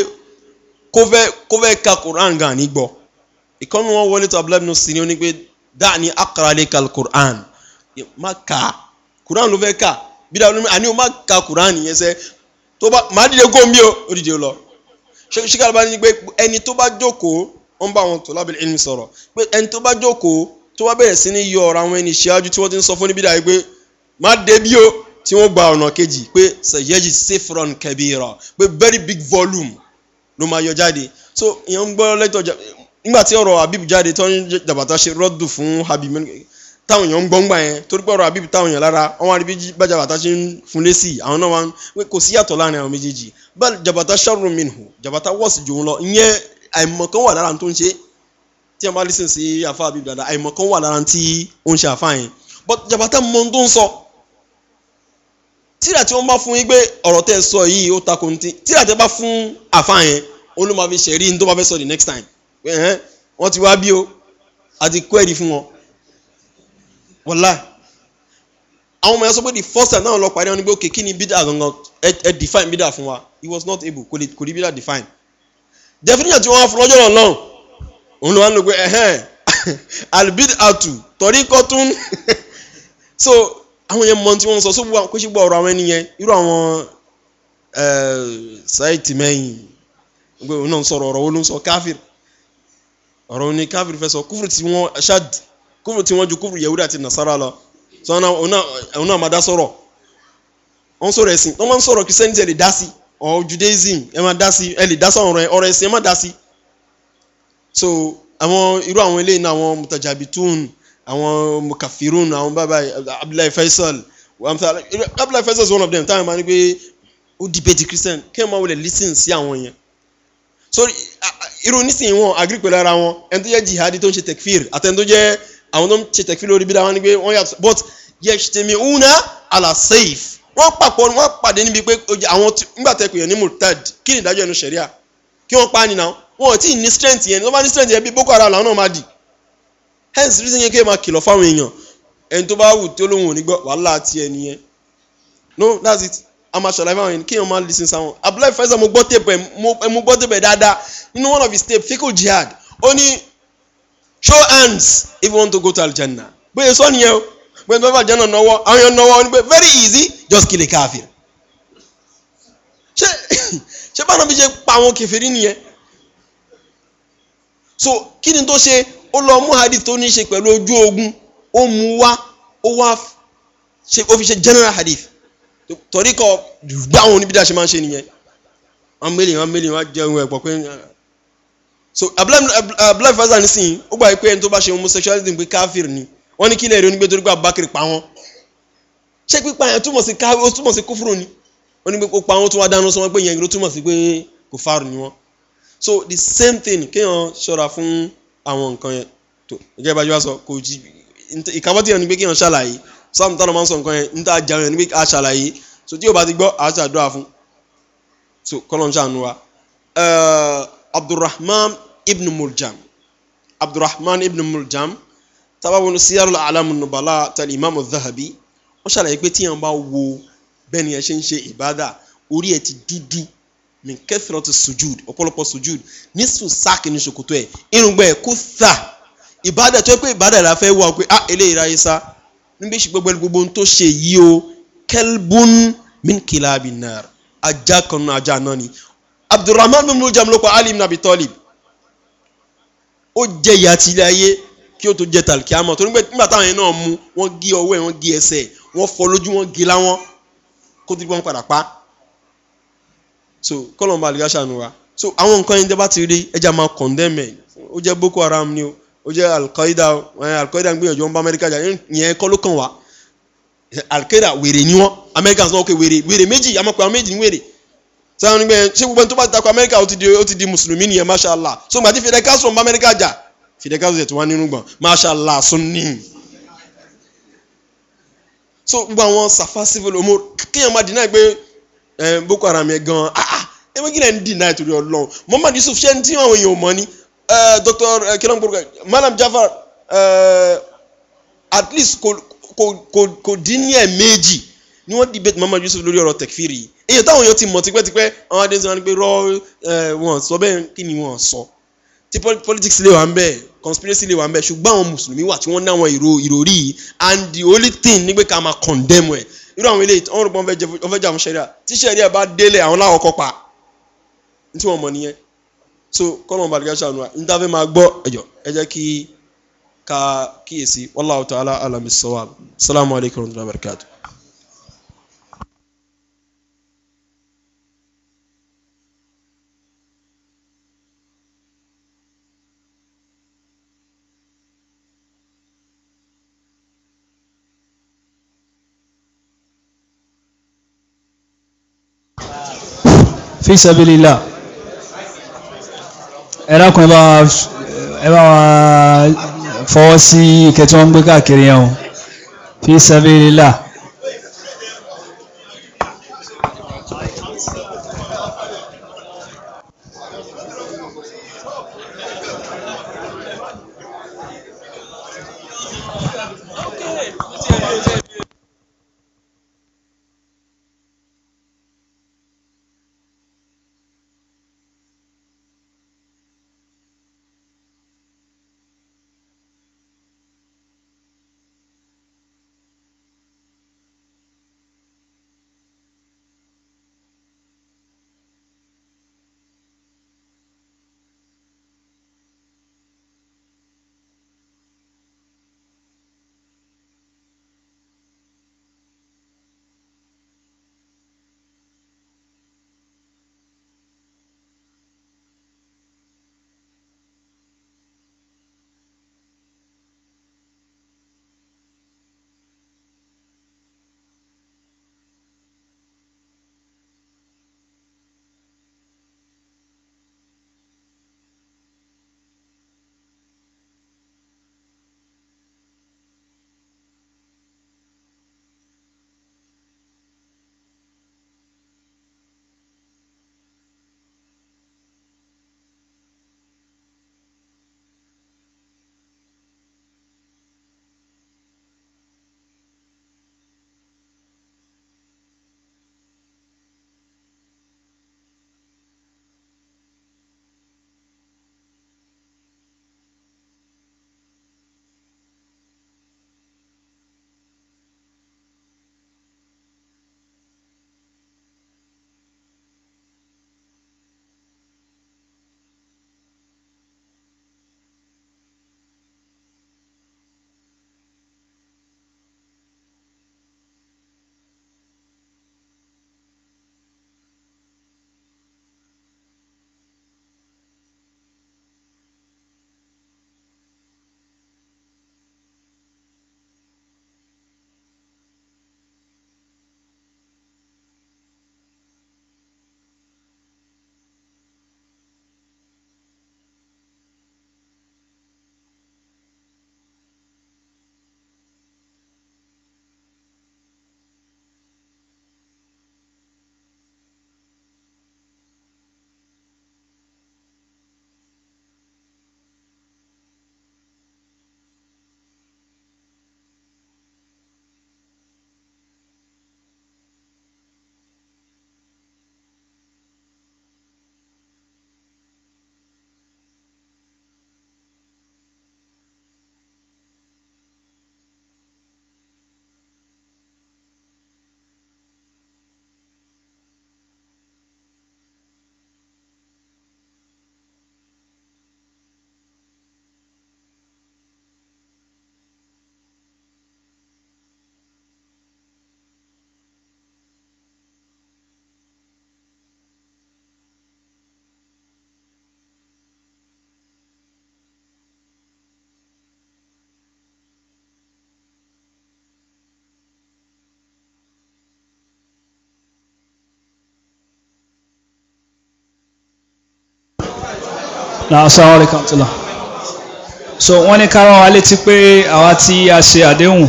kó fẹ́ ka quran gan ni gbọ́ ìkànnì wọn wọlé tó abúlé nù sí ni ó ní pé dáa ni akarale kal quran má ka quran ló fẹ́ ka bí dáa ló ní àní o má ka quran yẹn sẹ́ tó bá má dìde kó mi o ó dìde lọ ṣíkàlù bá ní pé ẹni tó bá jókòó ó ń bá àwọn tó lábẹ́lẹ̀ ẹni sọ̀rọ̀ pé ẹni tó bá jókòó tó bá bẹ̀rẹ̀ sí ní yọ ọ̀rọ̀ àwọn ẹni ṣáájú tí wọ́n ti ń sọ fún níbí dáa yìí pé má dé bí o tí wọ́n gba ọ̀nà kejì pé sẹ̀yẹ́jì sefron kẹbìrà pé very big volume ló máa yọ jáde so ìyẹn ń gbọ́ lẹ́tọ̀ nígbà tí ọ̀rọ̀ habib jáde tó ń jàbàtà ṣe rọ́dù fún habib táwọn èèyàn ń gbọ́ ń gbà yẹn torí pé ọ̀rọ̀ habib táwọn èèyàn lára wọ́n arí bí jàbàtà ṣe ń fún lé sí i àwọn náà wọ́n pé kò sí yàtọ̀ láàrin àwọn méjèèjì bá jàbàtà ṣàrùn mi nù jàbàtà wọ́ọ̀sì jòun lọ ìyẹn àìmọ̀kan wà lára tó ń ṣe tí a bá lè sìn sí àfa habib dada àìmọ̀kan wà lára tí ó ń ṣe àfa yẹn but jàbàtà mọ tó ń sọ tíra tí wọ́n bá fún yín pé ọ̀rọ̀ tẹ́ ẹ sọ yìí ó takò ní ti tíra tẹ́ bá fún àfáà yẹn ó ló máa fi ṣẹ̀rí ní tó bá fẹ́ sọ the next time pé ẹ̀hẹ́n wọ́n ti wá bí o àti query fún wọn wọ́lá àwọn ọmọ yẹn sọ pé the first time náà lọ parí wọn ni pé ok kí ni bídà gangan ẹ define bídà fún wa he was not able kò lè kò rí bídà define definition tí wọ́n á fún lọ́jọ́ náà náà òun ló wá ń lò pé ẹ̀hẹ́n albid atu torí kọ́tún so àwọn yẹn mọ tí wọ́n sọ sóbù kó ṣùgbọ́n ọ̀rọ̀ àwọn ẹnìyẹn irú àwọn sáìtì mẹ́yìn gbé òun náà sọ̀rọ̀ ọ̀rọ̀ wo ló ń sọ káfíìr ọ̀rọ̀ ni káfíìr fẹ́ sọ kúfùrù tí wọ́n ṣáàd kúfùrù tí wọ́n ju kúfùrù yẹ̀wúrẹ́ àti nàṣàrà lọ sọ òun náà máa dá sọ̀rọ̀ wọ́n sọ̀rọ̀ ẹ̀sìn wọ́n máa ń sọ̀rọ̀ kìsẹ́ńtì ẹ̀ lè dá sí ọ̀ judaism ẹ̀ máa dá sí ẹ̀ lè dá sọ̀rọ̀ ọ̀rọ̀ ẹ̀sìn ẹ̀ máa dá sí so àwọn irú àwọn eléyìí náà àwọn mùtàjàbìtún àwọn kafirun àwọn bàbá abdullahi faisal abdullahi faisal is one of them táwọn máa ní pé ó debate christian kí wọ́n máa wọlé listen sí àwọn yẹn so irú nísìnyí wọn agree pẹ̀lú ara wọn ẹni tó jẹ́ jihadi tó ń ṣe tekfir àtẹni tó jẹ́ àwọn tó ń ṣe tekfir lórí bí dáwọn ni pé wọ́n yàtọ̀ but yẹ̀ṣitẹ̀mí una àlà safe wọ́n papọ̀ wọ́n pàdé níbi pé àwọn nígbà tẹ́kù yẹn ní murtad kí ni ìdájọ́ ẹnu sẹ̀ríà kí wọ́n pa á nìyà wọn ò tí ì ní strength yẹn tó bá ní strength yẹn bí boko haram làwọn náà máa dì hence reason yẹn kí ẹ máa kìlọ̀ fáwọn èèyàn ẹni tó bá wù tó lóun ò ní gbọ́ wàhálà àti ẹ nìyẹn no that's it a máa ṣàlàyé fáwọn èèyàn kí èèyàn máa listen sáwọn abdullahi faisal mo gbọ́ tèpẹ̀ mo gbọ́ tèpẹ̀ dáadáa nínú one of his tape fickle jihad ó ní show hands if you want to go to aljanna bóyá sọ nìyẹn o bóyá tó bá aljanna nọwọ́ àwọn èèyàn nọwọ́ ó ní very easy just kill a kafir ṣé ṣé báwọn bí ṣe pa àwọn kẹfìrí nìyẹn so kí ni tó ṣe ó lọ mú hadith tó ní ṣe pẹ̀lú ojú ogun ó mú wá ó wá ṣe ó fi ṣe general hadi torí kọ gbáwọn oníbídà ṣe máa ń ṣe nìyẹn wọn mélèé wọn mélèé wọn jẹun ẹ̀pọ̀ pé so abdullahi faza nísìnyí ó gbà pé ẹni tó bá ṣe homosexuality pé káfíìr ni wọn ní kílẹ̀ rí onígbé torí pé abubakar pa wọn ṣé pípa yẹn túmọ̀ sí káfíìr ó túmọ̀ sí kófúrò ni onígbé kó pa wọn tó wá dáná sọ wọn pé yẹn ló túmọ̀ sí pé kò fárò ni wọn so the same thing kéèyàn ṣọra fún àwọn nǹkan yẹn tó gẹ́gẹ́ bá jọ wá sọ kò jí ìkàwọ́ tí yẹn ni pé kí yẹn ṣàlàyé sáàmù tánà máa ń sọ nǹkan yẹn níta jẹun yẹn ni pé a ṣàlàyé so tí yóò bá ti gbọ́ a ṣàdúrà fún so kọ́lọ́n ṣàánú wa eh, abdulrahman ibn muljam abdulrahman ibn muljam tábàwọn siyarul alamu nubala tali imam zahabi wọ́n ṣàlàyé pé tí yẹn bá wo bẹ́ẹ̀ ni yẹn ṣe ń ṣe ìbádà orí ẹ̀ ti dúdú min kẹsìrán ti sujud ọ̀pọ̀lọpọ̀ sujud nísù sáàkì ní ṣòkòtò ẹ̀ irùngbọ̀n ẹ̀ kó sà ìbádà tó yẹ pé ìbádà ìlà fẹ́ wà pé ah eléyìí ráyé sá níbi ìṣe gbogbo gbogbo tó ṣe yìí o kelbun min kilabi nar ajá kan náà ajá náà ni abdulrahman bin muljam ló pa ali ibn abi talib ó jẹ ìyá ti ilé ayé kí ó tó jẹ tàlkíámọ tó nígbà táwọn yẹn náà mú wọn gé ọwọ́ ẹ̀ wọ́n gé ẹsẹ̀ wọ́n fọ lójú wọ́n gé láwọn kó tó dé padà pa á so kọ́lọ̀mù àlìkà ṣàánú wa so àwọn nǹkan yẹn tẹ́ bá ti rí ẹja máa condemn ẹ̀ ó jẹ́ boko haram ni o ó jẹ́ al-qaeda eh, al-qaeda ń gbìyànjú wọn bá amẹ́ríkà jà yẹn kọ́ ló kàn wá al-qaeda wèrè ni wọn amẹ́ríkà sọ pé wèrè wèrè méjì amọ̀pẹ̀ àwọn méjì ni wèrè sáwọn gbẹ ṣé gbogbo ẹni tó bá ti takò amẹ́ríkà ó ti di ó ti di mùsùlùmí nìyẹn mashallah so gbàtí Fidel Castro ń bá amẹ́ríkà jà Fidel Castro ti mashallah sunni so gbogbo àwọn safa civil omo kéèyàn má dínà pé eh, boko haram yẹn ewéjì náà ń dì náà torí ọlọ́run muhammad yusuf ṣé ń tí àwọn èèyàn mọ́ ni dr kilombo malam jafar at least kò dín ní ẹ̀ méjì ni wọ́n debate muhammad yusuf lórí ọ̀rọ̀ tekfiri èyí táwọn èèyàn ti mọ̀ tipẹ́tipẹ́ àwọn adé sọ́nà pé rọ́ wọn sọ bẹ́ẹ̀ kí ni wọ́n sọ tí politics lè wà ń bẹ́ẹ̀ conspiracy lè wà ń bẹ́ẹ̀ ṣùgbọ́n àwọn mùsùlùmí wà tí wọ́n ná ìròrí and the only thing ni pé ká máa condemn ẹ̀ irú àwọn eléyìí wọ́n rò pé wọ́n fẹ́ jà fún ṣẹ́ríà tí ṣẹ́ríà bá délé àwọn láwọ̀ kọ́ pa tí wọ́n mọ̀ nìyẹn so kọ́nà balùwẹ̀ ṣàánú wa n dáfẹ́ máa gbọ́ ẹ̀jọ̀ ẹ jẹ́ kí ká kíyèsí wallahu ta'ala alami sawab salamu alaykum wa rahmatulahi wa barakatuh. fi sabilillah ẹ̀rọ̀kùn ẹ bá wa fọwọ́ sí ìkẹtí wọn gbé káàkiri yẹn o fi sabilillah. làásán ọ̀rẹ́kàntìlá so wọ́n ní kára wa létí pé àwa tí a ṣe àdéhùn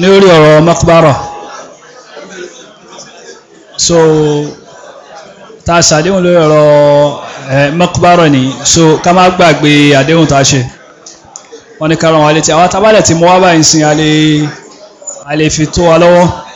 ní orí ọ̀rọ̀ makbara so ta ṣàdéhùn lórí ọ̀rọ̀ eh, makbara ni so ká má gbàgbé àdéhùn ta ṣe wọ́n ní kára wa létí àwa tábàlẹ̀ tí mo wá báyìí sin a lè fi tó wa lọ́wọ́.